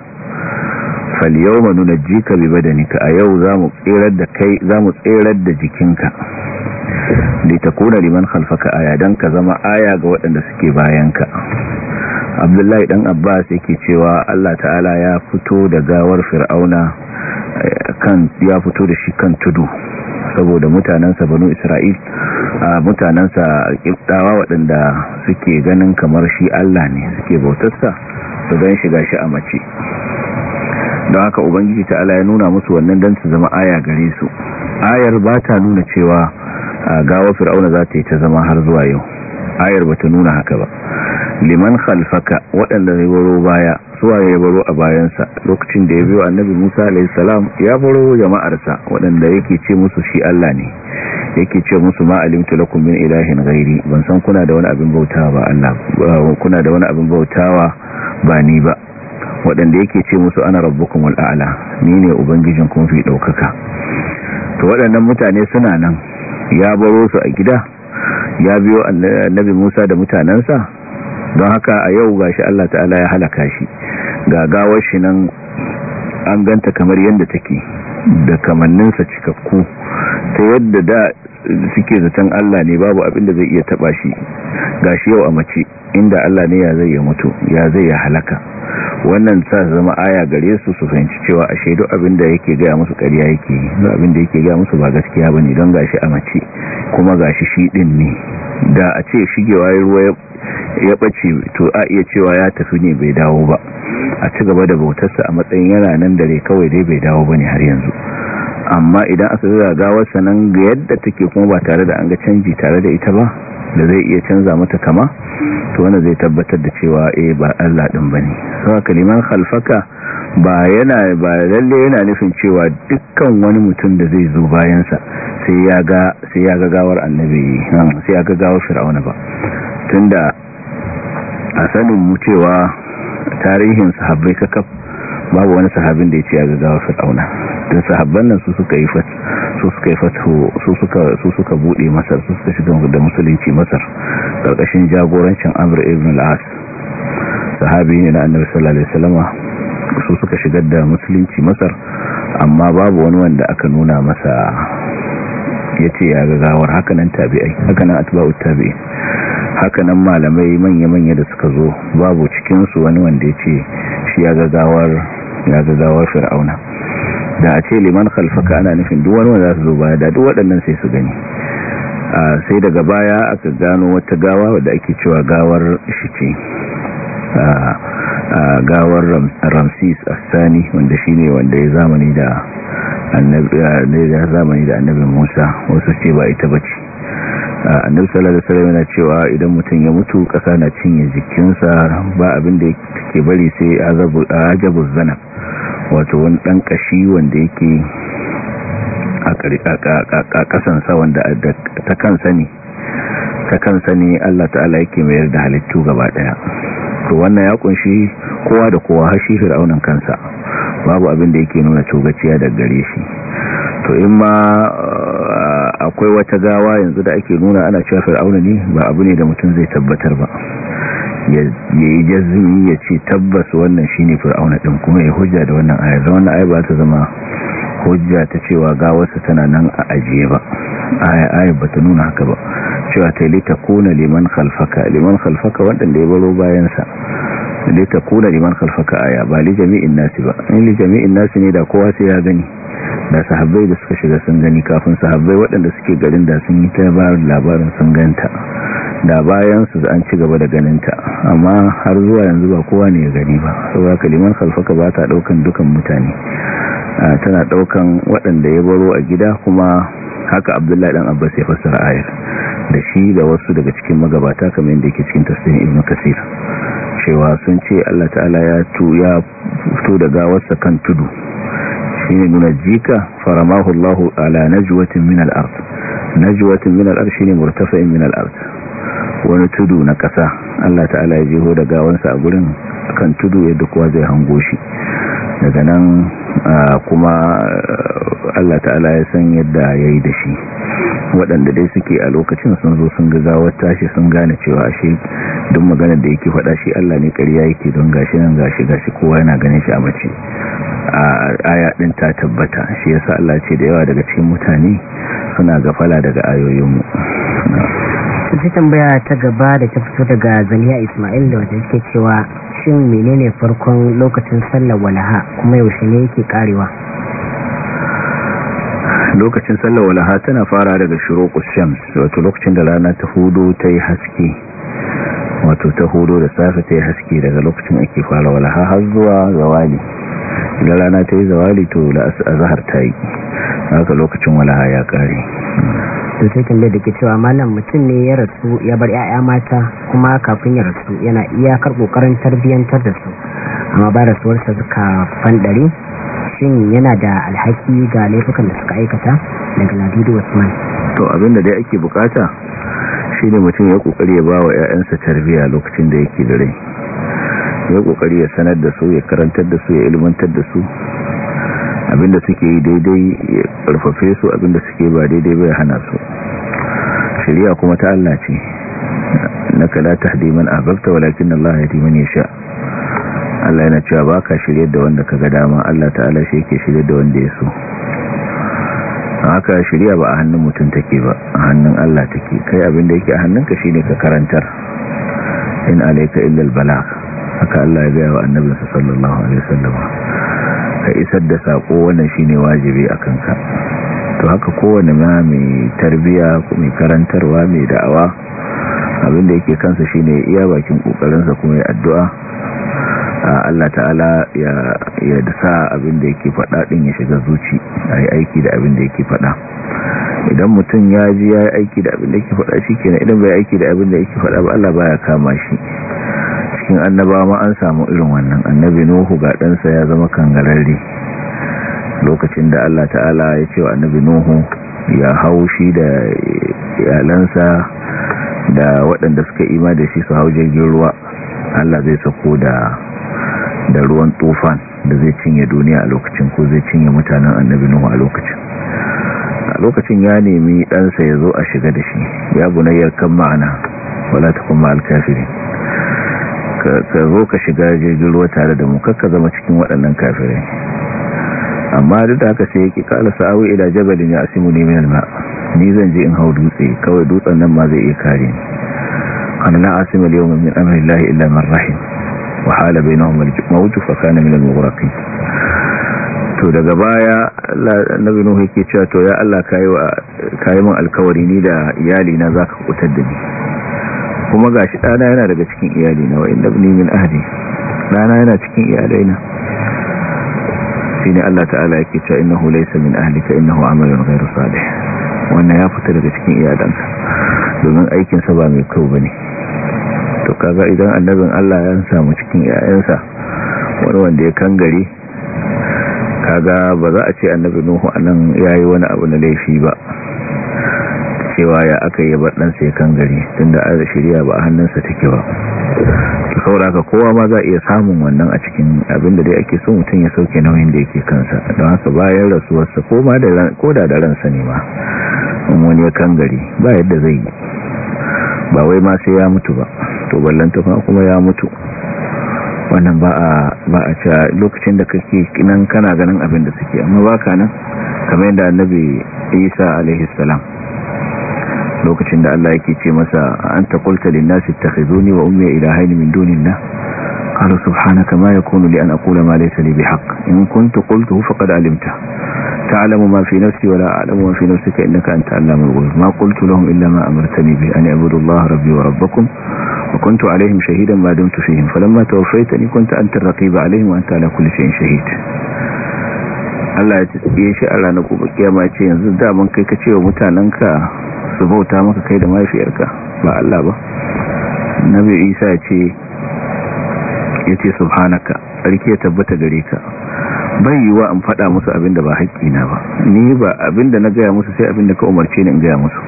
falyawma nunajjika bi badanika a yau zamu tsirar da kai zamu tsirar da jikinka litakuna liman khalfaka aya dan ka zama aya ga waɗanda suke bayan ka. abdullahi dan abbas yake cewa Allah ta'ala ya fito da gawar fir'auna eh, kan ya fito da shi kan tudu saboda mutanensa banu isra'il mutanensa kiftawa waɗanda suke ganin kamar shi Allah ne suke bautarsa su don shiga shi a mace don haka ubangiji ta'ala ya nuna musu wannan dan su zama aya gare su ayar ba ta nuna cewa gawa fir'auna za ta yi ta zama har zuwa yau ayar ba ta nuna haka ba liman khalfaka waɗanda zai baro baya suwa ya baro a bayansa lokacin da ya biyo annabi musa salam ya baro jama'arsa waɗanda yake ce musu shi allah ne yake ce musu ma alimtu lakum min ilahin ghairi ban san kuna da wani abin bautawa ba allah kuna da wani abin bautawa ba ni ba waɗanda yake ce musu ana rabbukum al'ala ni ne ubangijin kuma fi ɗaukaka to waɗannan mutane suna nan ya baro su a gida ya biyo annabi Musa da mutanansa don haka a yau ga shi Allah ta'ala ya halaka shi ga gawar shi nan an ganta kamar yadda take da kamanninsa cikakku ta yadda da suke zaton Allah ne babu abin da zai iya taba shi ga shi yau a mace inda Allah ne ya zai ya mutu ya zai ya halaka wannan sa zama aya gare su su fahimci cewa a shaidu abinda yake gaya musu ƙarya yake yi abinda yake gaya musu ba gaskiya ba ne don gashi a mace kuma gashi shi ɗin ne da a ce shigewa ruwa ya ɓace to a iya cewa ya tafi ne bai dawo ba a ci gaba da bautarsa a matsayin yana nan dare kawai dai bai dawo ba ne har yanzu amma idan aka zura gawarsa nan ga yadda take kuma ba tare da an ga canji tare da ita ba da zai iya canza mata kama to wanda zai tabbatar da cewa eh ba Allah din bane saboda kaliman khalfaka ba yana ba lalle yana nufin cewa dukkan wani mutum da zai zo bayan sa sai ya ga sai ya ga gawar annabi hmm, sai ya ga gawar fir'auna ba tunda a sanin mu cewa tarihin sahabbai kakaf babu wani sahabin da ya ce ya ga gawar fir'auna da sahabban nan su suka yi fat su suka yi fato su suka su suka bude masar su suka shiga da musulunci masar karkashin jagorancin amr ibn al-as sahabi ne na annabi sallallahu alaihi wasallama su suka shigar da musulunci masar amma babu wani wanda aka nuna masa yace ya ga gawar hakanan tabi'ai hakanan atba'u tabi'in hakanan malamai manya-manya da suka zo babu cikinsu wani wanda ya ce shi ya gagawar fir'auna da a ce liman khalfaka ana nufin duk wani wanda zo baya da duk waɗannan sai su gani sai daga baya aka gano wata gawa wadda ake cewa gawar shi a gawar ramses assani wanda shi ne wanda ya zamani da annabi musa wasu ce ba ita bace annabi sallallahu alaihi wasallam yana cewa idan mutum ya mutu kasa na cinye jikinsa ba abin da yake bari sai azabu ajabu zana wato wani dan kashi wanda yake a kasan sa wanda ta kansa ne ta kansa ne Allah ta'ala yake mayar da halittu gaba daya to wannan ya kunshi kowa da kowa har shi fir'aunan kansa babu abin da yake nuna cogaciya da gare shi to in ma uh, akwai wata gawa yanzu da ake nuna ana cewa fir'auna ne ba abu ne da mutum zai tabbatar ba ya yi jazumi ya ce tabbas wannan shi ne fir'auna ɗin kuma ya hujja da wannan aya zama wannan aya ba ta zama hujja ta cewa gawarsa tana nan a ajiye ba aya aya ba ta nuna haka ba cewa ta yi lita kuna liman khalfaka liman khalfaka waɗanda ya baro bayansa ta kula liman khalfaka aya ba li jami'in nasi ba in li jami'in nasi ne da kowa sai ya gani da sahabbai da suka shiga sun gani kafin sahabbai waɗanda suke garin da sun yi tabar labarin sun ganta da bayan su an ci gaba da ganinta amma har zuwa yanzu ba kowa ne ya gani ba saboda kaliman khalfaka ba ta ɗaukan dukan mutane tana ɗaukan waɗanda ya baro a gida kuma haka abdullahi dan abbas ya fassara ayar da shi da wasu daga cikin magabata kamar yadda yake cikin tafsirin ibnu kasir kaiwa sun ce Allah ta'ala ya ya fito da gawarsa kan tudu shine jika faramahu Allah ala najwatin min al-ard najwatin min al-ard shine murtafa'in min al wani tudu na ƙasa Allah ta'ala ya jiho da gawansa a gurin kan tudu yadda kowa zai hango shi daga nan kuma Allah ta'ala ya san yadda ya yi da shi waɗanda dai suke a lokacin sun zo sun ga zawar tashi sun gane cewa ashe duk maganar da yake faɗa shi Allah ne ƙarya yake don gashi nan gashi gashi kowa yana ganin shi a mace a aya din ta tabbata shi yasa Allah ce da yawa daga cikin mutane suna gafala daga ayoyinmu sai tambaya ta gaba da ta fito daga zaliya ismail da wata ke cewa shin menene farkon lokacin sallar walaha kuma yaushe ne yake karewa lokacin sallar walaha tana fara daga shuruqus shams wato lokacin da rana ta hudo ta yi haske wato ta hudo da safe ta yi haske daga lokacin ake fara walaha har zuwa zawali idan rana ta yi zawali to azhar ta yi haka lokacin walaha ya kare to sai kin da ke cewa malam mutum ne ya rasu ya bar 'ya'ya mata kuma kafin ya rasu yana iya iyakar kokarin tarbiyyantar da su amma ba rasuwarsa suka fandare shin yana da alhaki ga laifukan da suka aikata daga ladidu usman to abinda dai ake bukata shine mutum ya kokari ya bawa ya'yansa tarbiyya lokacin da yake da rai ya kokari ya sanar da su ya karantar da su ya ilmantar da su abinda suke yi daidai ya karfafe su abinda suke ba daidai ba ya hana su shari'a kuma ta Allah ce na la tahdi man ahbabta walakin Allah yahdi ya sha. Allah yana cewa ba ka shirye da wanda ka ga dama Allah ta'ala shi ke shirye da wanda ya so haka shirya ba a hannun mutum take ba a hannun Allah take kai abin da yake a hannunka shine ka karantar in alayka illa bala haka Allah ya gaya wa annabi sallallahu alaihi wasallam ka isar da sako wannan shine wajibi akan ka to haka kowanne ma mai tarbiya mai karantarwa mai da'awa abin da yake kansa shine iya bakin kokarinsa kuma ya addu'a Allah ta'ala ya sa abin da yake faɗa din ya shiga zuci a aiki da abin da yake faɗa idan mutum ya ji ya yi aiki da abin da yake faɗa shi kenan idan bai aiki da abin da yake faɗa ba Allah baya kama shi cikin annabawa ma an samu irin wannan annabi nuhu ga ɗansa ya zama kangararre lokacin da Allah ta'ala ya ce wa annabi nuhu ya hau shi da iyalansa da waɗanda suka ima da shi su hau jirgin ruwa Allah zai sako da da ruwan tufan da zai cinye duniya a lokacin ko zai cinye mutanen annabi nuhu a lokacin a lokacin ya nemi ɗansa ya zo a shiga da shi ya bunayyar kan ma'ana wala ta kuma alkafiri ka zo ka shiga jirgin ruwa tare da mu kakka zama cikin waɗannan kafirai amma duk da haka sai ya ƙi kala sa'awu ila jabalin ya asimu ne min ma ni zan je in hau dutse kawai dutsen nan ma zai iya kare ni ana la asima min amri illa man rahim fa hala bainahum al-maut fa kana min al to daga baya na nuhu yake cewa to ya Allah kai wa kai mun alkawari ni da iyali na ka kutar da ni kuma gashi ɗana yana daga cikin iyali na wa inna ibni min ahli Ɗana yana cikin iyalai na ne Allah ta'ala yake cewa innahu laysa min ka ahlika innahu amalun ghayru salih wannan ya fita daga cikin iyalanka domin aikinsa ba mai kyau ba ne. to kaga idan annabin Allah ya samu cikin 'ya'yansa wani wanda ya kangare kaga ba za a ce annabi Nuhu anan yayi wani abu na laifi ba cewa ya aka yi ɗansa ya kangare tunda an shirya ba a hannunsa take ba sauraka kowa ma za a iya samun wannan a cikin abinda dai ake so mutum ya sauke nauyin da yake kansa don haka bayan rasuwarsa ko da da ransa ne ma in wani ya kangare ba yadda zai yi ba wai ma sai ya mutu ba to ballanta fa kuma ya mutu wannan ba a ba a cewa lokacin da kake nan kana ganin abin da suke amma baka nan kamar yadda annabi Isa alaihi salam lokacin da Allah yake ce masa anta qulta lin nasi ittakhizuni wa ummi ilahaini min dunillah قال سبحانك ما يكون لأن أقول ما ليس لي بحق إن كنت قلته فقد علمته تعلم ما في نفسي ولا أعلم ما في نفسك إنك أنت علام الغيوب ما قلت لهم إلا ما أمرتني به أن اعبدوا الله ربي وربكم وكنت عليهم شهيدا ما دمت فيهم فلما توفيتني كنت أنت الرقيب عليهم وأنت على كل شيء شهيد Allah ya ce Allah na kuma kiyama ce yanzu daman kai ka ce wa mutanenka su bauta maka kai da mafiyarka ba Allah ba Nabi Isa ce ya ce subhanaka tsarki ya tabbata gare ka bai yiwa in faɗa musu abinda da ba na ba ni ba abin na gaya musu sai abin da ka umarce ni in gaya musu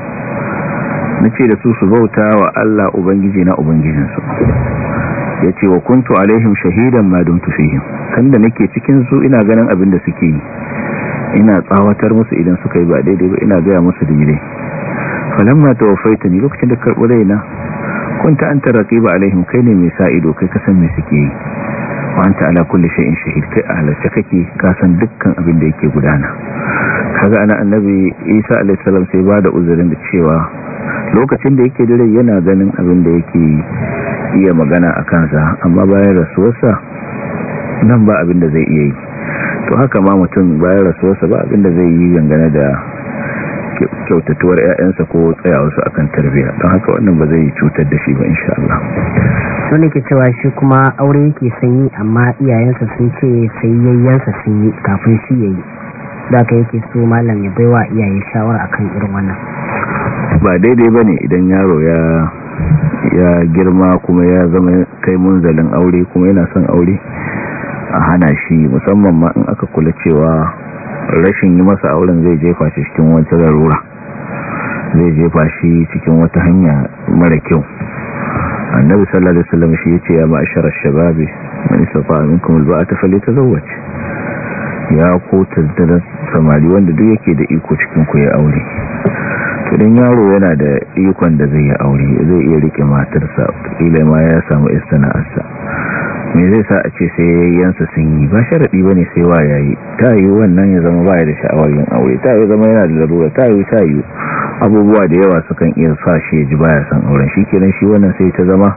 na ce da su su bauta wa Allah Ubangiji na Ubangijinsu ya ce wa kuntu alaihim shahidan ma dumtu fihim sanda nake cikin su ina ganin abin da suke yi ina tsawatar musu idan suka yi ba daidai ba ina gaya musu daidai falamma tawaffaitani lokacin da karɓi raina kunta anta raqiba alaihim kai ne mai sa ido kai kasan me suke yi wa anta ala kulli shay'in shahid kai halarci kake kasan dukkan abin da yake gudana kaga ana annabi Isa alaihi salam sai ba da uzurin da cewa lokacin da yake dare yana ganin abin da yake iya magana a kansa amma bayan rasuwarsa nan ba abin da zai iya yi to haka ma mutum bayan rasuwarsa ba abin da zai yi dangane da kyautatuwar 'ya'yansa ko tsayawarsu akan tarbiyya don haka wannan ba zai cutar da shi ba in Allah wani ke cewa shi kuma aure yake sanyi amma iyayensa sun ce sai yayyansa sun yi kafin shi yayi da ka yake so malam ya bai wa iyaye shawara akan irin wannan ba daidai bane idan yaro ya ya girma kuma ya zama kai munzalin aure kuma yana son aure a hana shi musamman ma in aka kula cewa rashin yi masa auren zai jefa shi cikin wata larura zai jefa shi cikin wata hanya mara kyau annabi sallallahu alaihi wasallam shi yace ya ma'ashar shababi man safa minkum alba'ata falyatazawwaj ya ko tattara samari wanda duk yake da iko cikin ku ya aure to yaro yana da ikon da zai ya aure zai iya rike matarsa kila ma ya samu istana'arsa me zai sa a ce sai yayyansa sun yi ba sharaɗi ba ne sai wa yayi ta yi wannan ya zama baya da sha'awar yin aure ta yi zama yana da larura ta yi ta yi abubuwa da yawa sukan iya sa shi ya ji baya san auren shi kenan shi wannan sai ta zama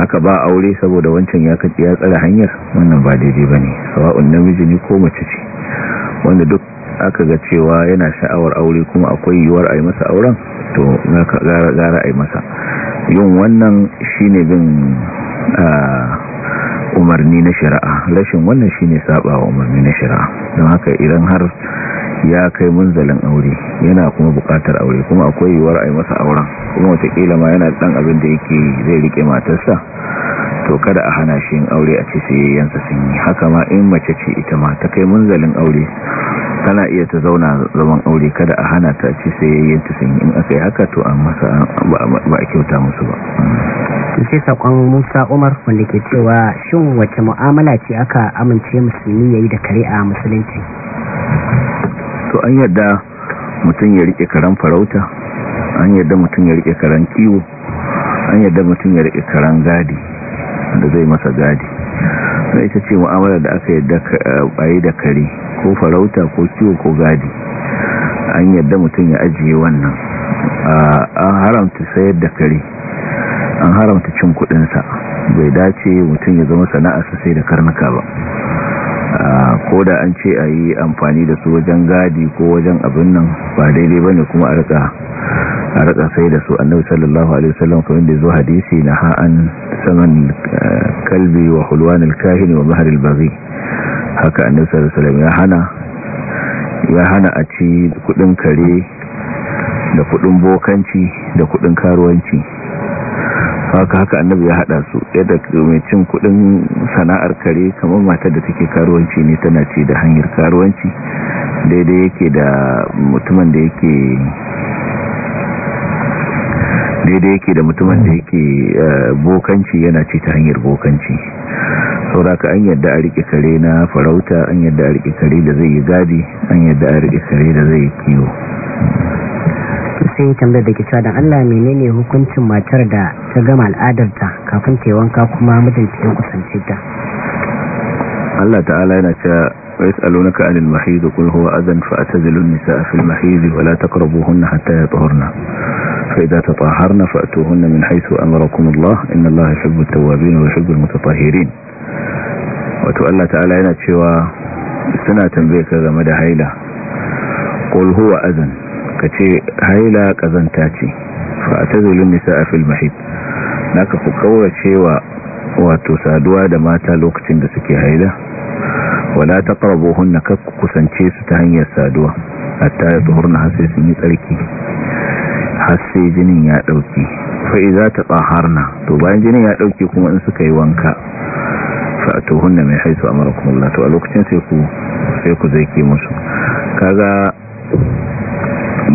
haka ba aure saboda wancan ya kaci ya tsara hanyar wannan ba daidai ba ne sawa'un namiji ne ko mace ce wanda duk aka ga cewa yana sha'awar aure kuma akwai yiwuwar a yi masa auren to gara gara a yi masa yin wannan shine bin ah, umarni na shari'a rashin wannan shine saba wa umarni na shari'a don haka idan har ya kai munzalin aure yana kuma bukatar aure kuma akwai yiwuwar a yi masa auren kuma watakila ma yana dan abin da yake zai rike matarsa to kada a hana shi yin aure a ce yansa sun yi haka ma in mace ce ita ma ta kai munzalin aure tana iya ta zauna zaman aure kada a hana ta ce yanta sun yi in aka yi haka to an masa ba a kyauta musu ba sai sakon Musa Umar wanda ke cewa shin wace mu'amala ce aka amince musulmi ya yi da kare a musulunci to an yadda mutum ya rike karen farauta an yadda mutum ya rike karen kiwo an yadda mutum ya rike karen gadi da zai masa gadi sai ita ce mu'amala da aka yadda bayi da kare ko farauta ko kiwo ko gadi an yadda mutum ya ajiye wannan an haramta sayar da kare an haramta cin kudinsa bai dace mutum ya zama sana'a sai da karnuka ba ah, ko da an ce a yi amfani da su wajen gadi ko wajen abin nan ba daidai ba ne kuma a raka sai da su annabi sallallahu alaihi wasallam kuma da zo hadisi na ha'an saman eh, kalbi wa hulwan alkahin wa bahar albazi haka annabi sallallahu alaihi wasallam ya hana ya hana a ci kudin kare da kudin bokanci da kudin karuwanci haka haka annabi ya hada su ɗaya da mai cin kudin sana'ar kare kamar matar da take karuwanci ne tana ce da hanyar karuwanci daidai yake da mutumin da yake daidai yake da mutumin da yake eh, bokanci yana ce ta hanyar bokanci sauraka an yadda a rike kare na farauta an yadda a rike kare da zai yi gadi an yadda a rike kare da zai yi kiwo sai tambayar da ke cewa dan Allah menene hukuncin matar da ta gama al'adarta kafin ta wanka kuma mijinta ya kusance ta Allah ta'ala yana cewa ويسألونك عن المحيض قل هو أذن فأتزلوا النساء في المحيض ولا تقربوهن حتى يطهرن فإذا تطهرن فأتوهن من حيث أمركم الله إن الله يحب التوابين ويحب المتطهرين وتؤلى تعالى هنا تشوى سنة تنبيك غمد هيلة قل هو أذن ka ce haila ƙazanta ce fa tazulun nisa fil na ka ku kauracewa wato saduwa da mata lokacin da suke haila wala taqrabuhunna ka kusance su ta hanyar saduwa hatta ya tuhurna har sai sun yi tsarki har jinin ya dauki fa idza taqaharna to bayan jinin ya dauki kuma in suka yi wanka fa mai min haythu amarakum Allah to a lokacin sai ku sai ku zai ke musu kaga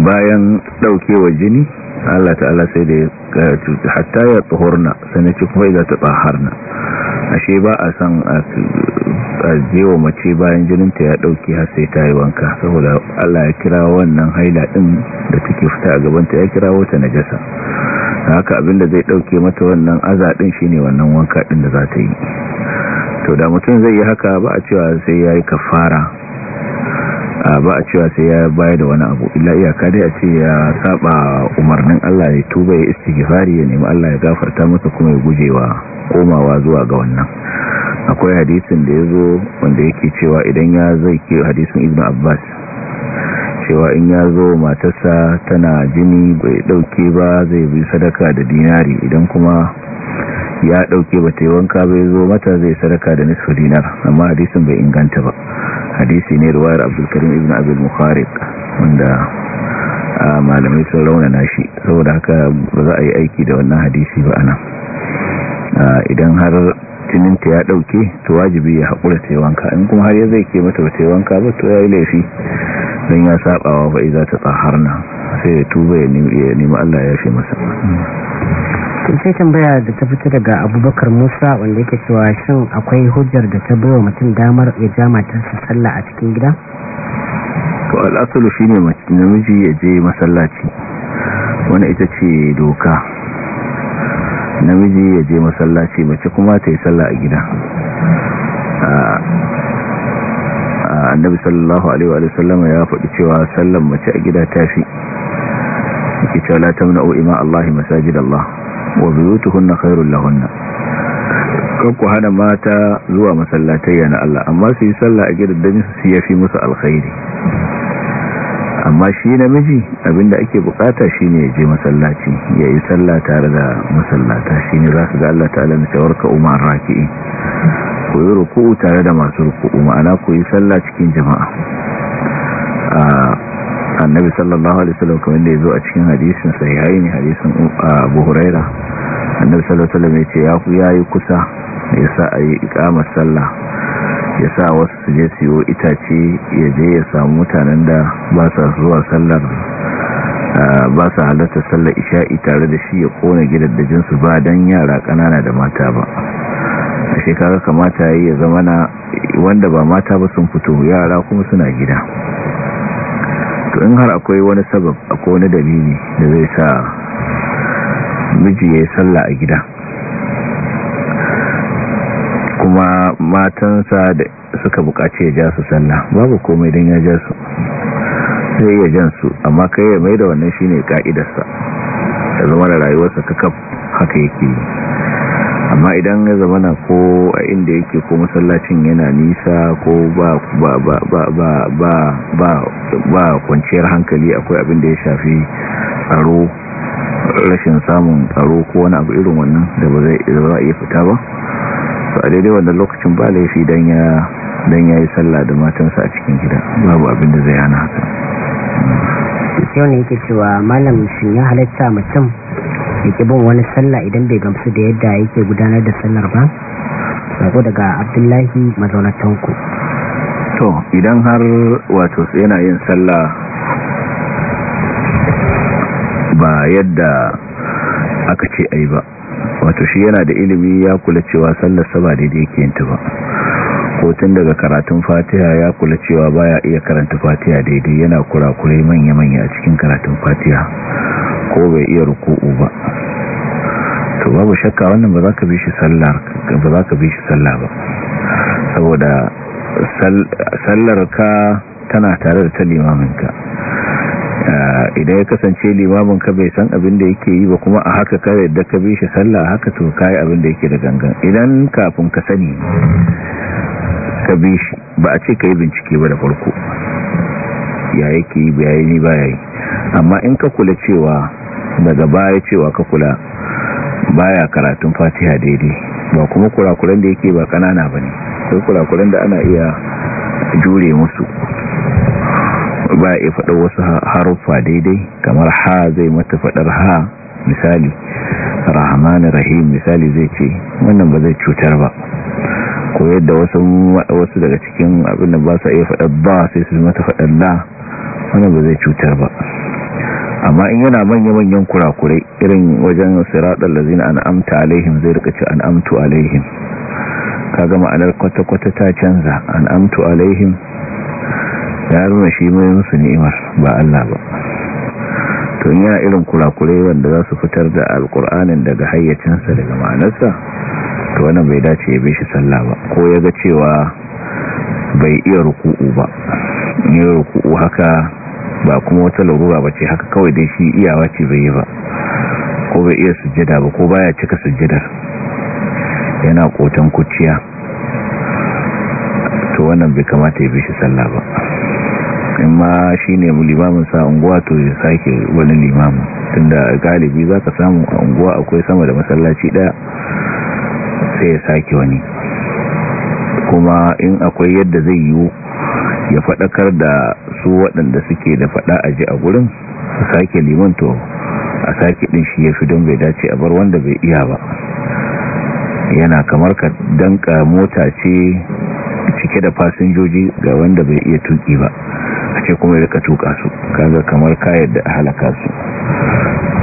bayan daukewa jini Allah ta'ala sai da ya cuta hatta ya tsohorna sai ce kuma idan ta tsaharna ashe ba a san a jewa mace bayan jininta ya dauke har sai ta yi wanka saboda Allah ya kira wannan haila din da take fita a gabanta ya kira wata najasa haka abinda zai dauke mata wannan aza din shine wannan wanka din da za ta yi to da mutum zai yi haka ba a cewa sai ya yi kafara ba a cewa sai ya bayar da wani abu illa iyaka dai a ce ya saba umarnin Allah ya tuba ya istighfari ya nemi Allah ya gafarta masa kuma ya gujewa komawa zuwa ga wannan akwai hadisin da yazo wanda yake cewa idan ya zai ke hadisin Ibn Abbas cewa in ya zo matarsa tana jini bai dauke ba zai bi sadaka da dinari idan kuma ya dauke ba ta yi wanka ba ya zo mata zai sadaka da nisfu dinar amma hadisin bai inganta ba hadisi ne ruwayar abdulkarim ibn abdul mukharik wanda malamai sun raunana shi saboda haka ba za a yi aiki da wannan hadisi ba ana idan har jininta ya dauke to wajibi ya haƙura ta yi wanka in kuma har ya zai ke mata ba ta yi wanka ba to ya yi laifi don ya sabawa ba iza ta tsaharna sai ya tuba ya nemi Allah ya fi masa sai tambaya da ta fito daga abubakar musa wanda yake cewa shin akwai hujjar da ta wa mutum damar ya ja matarsa sallah a cikin gida to al'asulu ne namiji ya je masallaci wani ita ce doka namiji ya je masallaci mace kuma ta yi sallah a gida annabi sallallahu alaihi wa sallam ya faɗi cewa sallan mace a gida ta fi. cewa la tamna'u Allah masajid Allah wa buyutuhunna khairul lahunna ku hana mata zuwa masallatai na Allah amma su yi sallah a dani su yafi musu alkhairi amma shi namiji abinda ake bukata shine ya je masallaci ya yi sallah tare da masallata shine za su ga Allah ta'ala na ka umar raki'i ku yi ruku'u tare da masu ruku'u ma'ana ku yi sallah cikin jama'a ah, annabi sallallahu alaihi wasallam kamar da yazo a cikin hadisin sahihaini hadisin uh, Abu Huraira annabi sallallahu alaihi wasallam ce ya ku yayi kusa ya sa ayi iqamar sallah ya sa wasu su je siyo itace ya je ya samu mutanen da ba sa zuwa sallar uh, ba sa halatta sallar isha'i tare da shi ya kona da jinsu ba dan yara kanana da mata ba a shekara kamata ya zama na wanda ba mata ba sun fito yara kuma suna gida to in har akwai wani sabab akwai wani dalili da zai sa miji ya yi sallah a gida kuma matansa da suka bukaci ya ja su sallah babu komai don ya ja su sai ya jan su amma kai ya mai da wannan shi ne ka'idarsa da zama da rayuwarsa kakaf haka yake yi amma idan ya zama na ko a inda yake ko masallacin yana nisa ko ba ba ba ba ba ba ba kwanciyar hankali akwai abin da ya shafi tsaro rashin samun tsaro ko wani abu irin wannan da ba zai za iya fita ba to a daidai wannan lokacin ba laifi don ya yi yayi sallah da matansa a cikin gida babu abin da zai hana haka yau ne yake cewa malam shin ya halitta mutum yake bin wani sallah idan bai gamsu da yadda yake gudanar da sallar ba sako daga abdullahi mazaunatanku to idan har wato yana yin sallah ba yadda aka ce ai ba wato shi yana da ilimi ya kula cewa sallar saba daidai yake yinta ba kotun daga karatun fatiha ya kula cewa baya iya karanta fatiha daidai yana kurakurai manya-manya a cikin karatun fatiha ko bai iya ruku'u ba to babu shakka wannan ba za ka bi shi sallar ba za ka bi shi sallah ba saboda sallar ka tana tare da ta limaminka eh, idan ya kasance limamin ka bai san abin da yake yi ba kuma a haka ka yadda ka bi shi sallah haka to ka yi abin da yake da gangan idan kafin ka sani ka bi shi ba a ce ka yi bincike ba da farko ya yake yi bayani ba ya yi amma in ka kula cewa daga baya cewa ka kula baya karatun fatiha daidai ba kuma kurakuran da yake ba kanana ne sai kurakuran da ana iya jure musu ba ya faɗa wasu haruffa daidai kamar ha zai mata faɗar ha misali rahman rahim misali zai ce wannan ba zai cutar ba ko yadda wasu daga cikin abin da ba sa iya faɗar ba sai su mata faɗar la wannan ba zai cutar ba amma in yana manya-manyan kurakurai irin wajen siratar lazina an amta alaihim zai rika ci an amtu alaihim kaga ma'anar kwata-kwata ta canza an amtu alaihim ya nuna shi mai musu ni'imar ba Allah ba to yana irin kurakurai wanda za su fitar da alkur'anin daga hayyacinsa daga ma'anarsa to wannan bai dace ya bai shi sallah ba ko ya ga cewa bai iya ruku'u ba ne ruku'u haka ba kuma wata larura ba ce haka kawai dai shi iyawa ce bai yi ba ko bai iya sujjada ba ko baya cika sujjadar yana kotan kuciya to wannan bai kamata ya bi shi sallah ba in ma shi ne limamin sa unguwa to ya sake wani limamin tunda galibi za ka samu a unguwa akwai sama da masallaci daya sai ya sake wani kuma in akwai yadda zai yiwu ya faɗakar da su waɗanda suke da faɗa a ji a gurin su sake liman to a sake ɗin shi ya fi don bai dace a bar wanda bai iya ba yana kamar ka danka mota ce cike da fasinjoji ga wanda bai iya tuki ba a ce kuma rika tuka su kaga kamar kayar da halaka su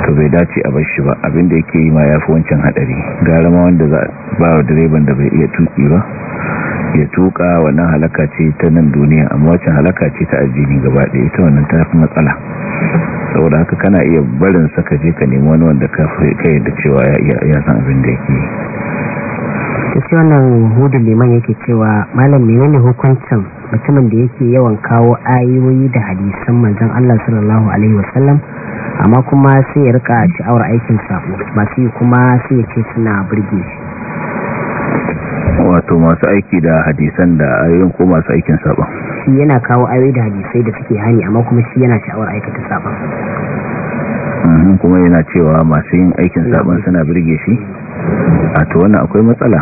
to bai dace a bar shi ba abinda yake yi ma ya fi wancan haɗari gara ma wanda za ba wa direban da bai iya tuki ba ya tuka wannan halaka ce ta nan duniya amma wacin halaka ce ta addini gaba ɗaya ita wannan ta fi matsala saboda haka kana iya barin saka je ka nemi wani wanda ka fi kai da cewa ya san abin da yake gaske wannan hudun liman yake cewa malam wani hukuncin mutumin da yake yawan kawo ayoyi da hadisan manzon Allah sallallahu alaihi wasallam amma kuma sai ya rika sha'awar aikin ba sai kuma sai ya ce suna burge wato masu aiki da hadisan da ayoyin ko masu aikin saba shi yana kawo ayoyi da hadisai da suke hani amma kuma shi yana sha'awar aikata saban mhm, kuma yana cewa masu yin aikin saban suna birge shi a to wannan akwai matsala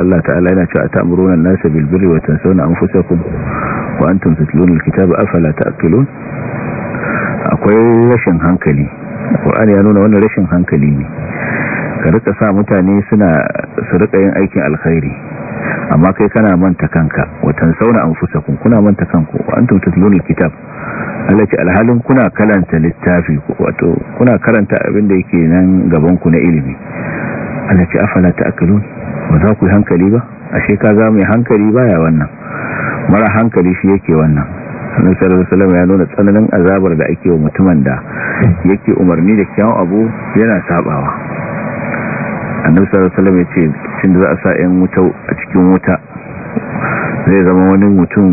Allah ta'ala yana cewa ta an-nasa bil birri wa fusa ku. wa an tun al alkitab afala akilun akwai rashin hankali Qur'ani ya nuna wannan rashin hankali ne ka rika sa mutane suna su rika yin aikin alkhairi amma kai kana manta kanka watan sauna kun kuna manta kanku wa antum kitab allati alhalin kuna karanta littafi wato kuna karanta abin da yake nan gaban ku na ilimi allati afala ta'qilun ba za ku hankali ba ashe ka za mu hankali baya wannan mara hankali shi yake wannan annabi sallallahu alaihi ya nuna tsananin azabar da ake wa mutumin da yake umarni da kyawun abu yana sabawa annabi sallallahu alaihi wasallam ya ce cin da za a sa 'yan wuta a cikin wuta zai zama wani mutum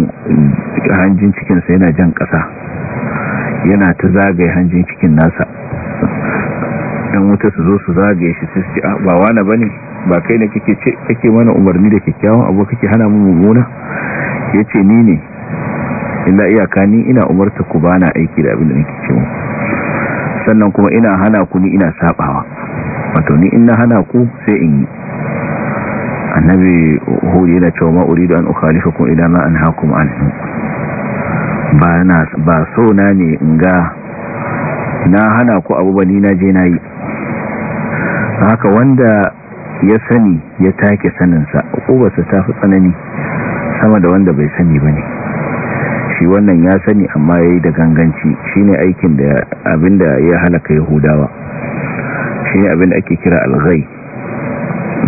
hanjin cikinsa yana jan ƙasa yana ta zagaye hanjin cikin nasa ɗan wuta su zo su zagaye shi sai su ah, ba wani bane ba kai ne kake ce kake mana umarni da kikkiawan abu kake hana mu mummuna yace ni ne illa iyaka ni ina umarta ku bana aiki da abin da nake ce sannan kuma ina hana ku ni ina sabawa wato ni in na hana ku sai in yi annabi hudu yana cewa ma uridu an ukhalifa kun idan ma an hakum an ba na ba so na ne in ga na hana ku abu bani na je na yi haka wanda ya sani ya take saninsa ƙubarsa ta fi tsanani sama da wanda bai sani ba ne shi wannan ya sani amma ya yi da ganganci shi ne aikin da abinda ya halaka yahudawa shi ne abin da ake kira algai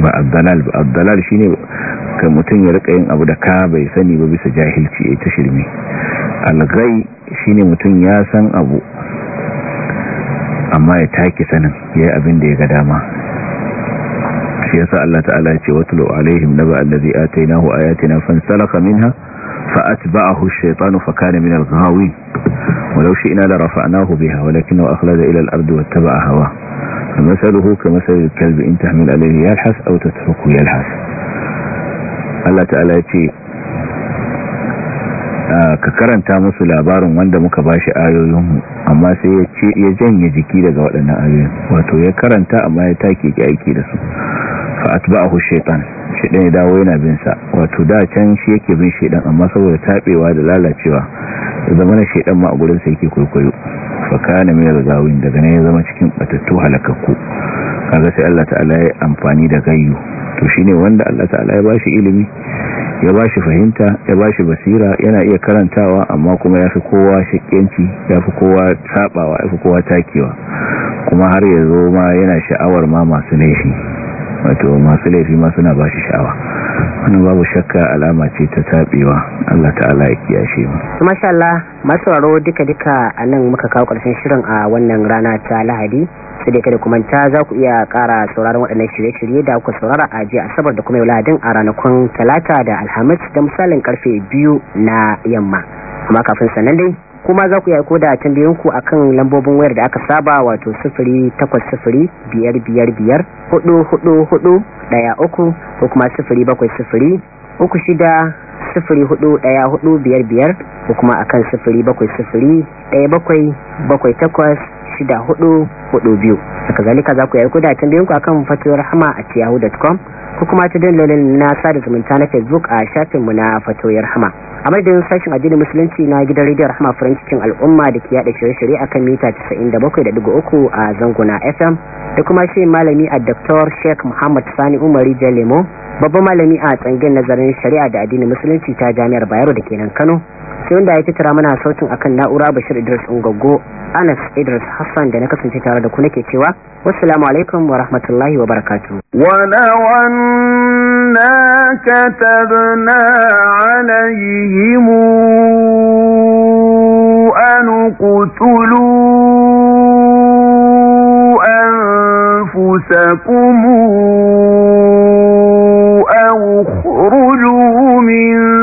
ba abdalal ba abdalal shi ne ka mutum ya rika yin abu da ka bai sani ba bisa jahilci ya ta shirme algai shi ne mutum ya san abu amma ya take sanin ya yi abin da ya ga dama shi yasa Allah ta'ala ya ce watlu alaihim naba allazi atainahu ayatina fansalakha minha فأتبعه الشيطان فكان من الغاوين ولو شئنا لرفعناه بها ولكنه أخلد wata ba a hawa. masaluhu ka masalul kalbi in tahmil alayhi yalhas aw tatruku yalhas Allah ta'ala ya ce ka karanta musu labarin wanda muka bashi ayoyinmu amma sai ya ya janye jiki daga waɗannan ayoyin wato ya karanta amma ya ta keke aiki da su fa a shaytan shaytan ya dawo yana bin sa wato da can shi yake bin shaytan amma saboda tabewa da lalacewa da zamanin shaytan ma a gurin sa yake kwaikwayo fakana mai rigawin daga ne zama cikin batattu halakakku ga sai Allah ta'ala ya amfani da gayyu to shine wanda Allah ta'ala ya bashi ilimi ya bashi fahimta ya bashi basira yana iya karantawa amma kuma yafi kowa shakkenci yafi kowa sabawa yafi kowa takewa kuma har ya zo ma yana sha'awar ma masu laifi wato masu laifi ma suna ba shi sha'awa wani babu shakka alama ce ta tabewa Allah ta'ala ya kiyashe mu masha Allah masauraro duka duka a nan muka kawo karshen shirin a wannan rana ta Lahadi su da kada kuma ta za ku iya ƙara sauraron waɗannan shirye-shirye da kuka saurara a jiya asabar da kuma yau Lahadin a ranakun Talata da Alhamis da misalin karfe biyu na yamma amma kafin sanan dai kuma za ku yi aiko da tambayoyinku ku akan lambobin wayar da aka saba wato 08055544413 ko kuma 070 uku shida sifiri hudu daya hudu biyar biyar ko kuma akan sifiri bakwai sifiri daya bakwai bakwai takwas biyu ka zalika za ku yi kuda tambayin a kan fatuwar hama a tiyahu.com ko kuma ta dandalin na sada zumunta na facebook a shafinmu na fatoyar hama a madadin sashen addinin musulunci na gidan rediyar hama farin cikin al'umma da ke yada shirye-shirye akan mita 97.3 a zanguna fm da kuma shi malami a dr sheikh muhammad sani umari jalemo babban malami a tsangin nazarin shari'a da addinin musulunci ta jami'ar bayero da kenan kano sai wanda ya tattara mana sautin kan na'ura bashir idris ungaggo anas idris hassan da na kasance tare da ku nake cewa wassalamu alaikum wa rahmatullahi wa barakatuh wa katabna alaihim an qutulu anfusakum أو اخرجوا من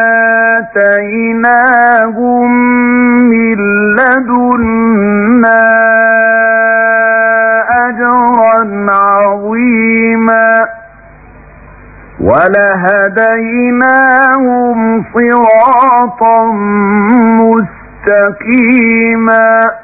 آتيناهم من لدنا أجرا عظيما ولهديناهم صراطا مستقيما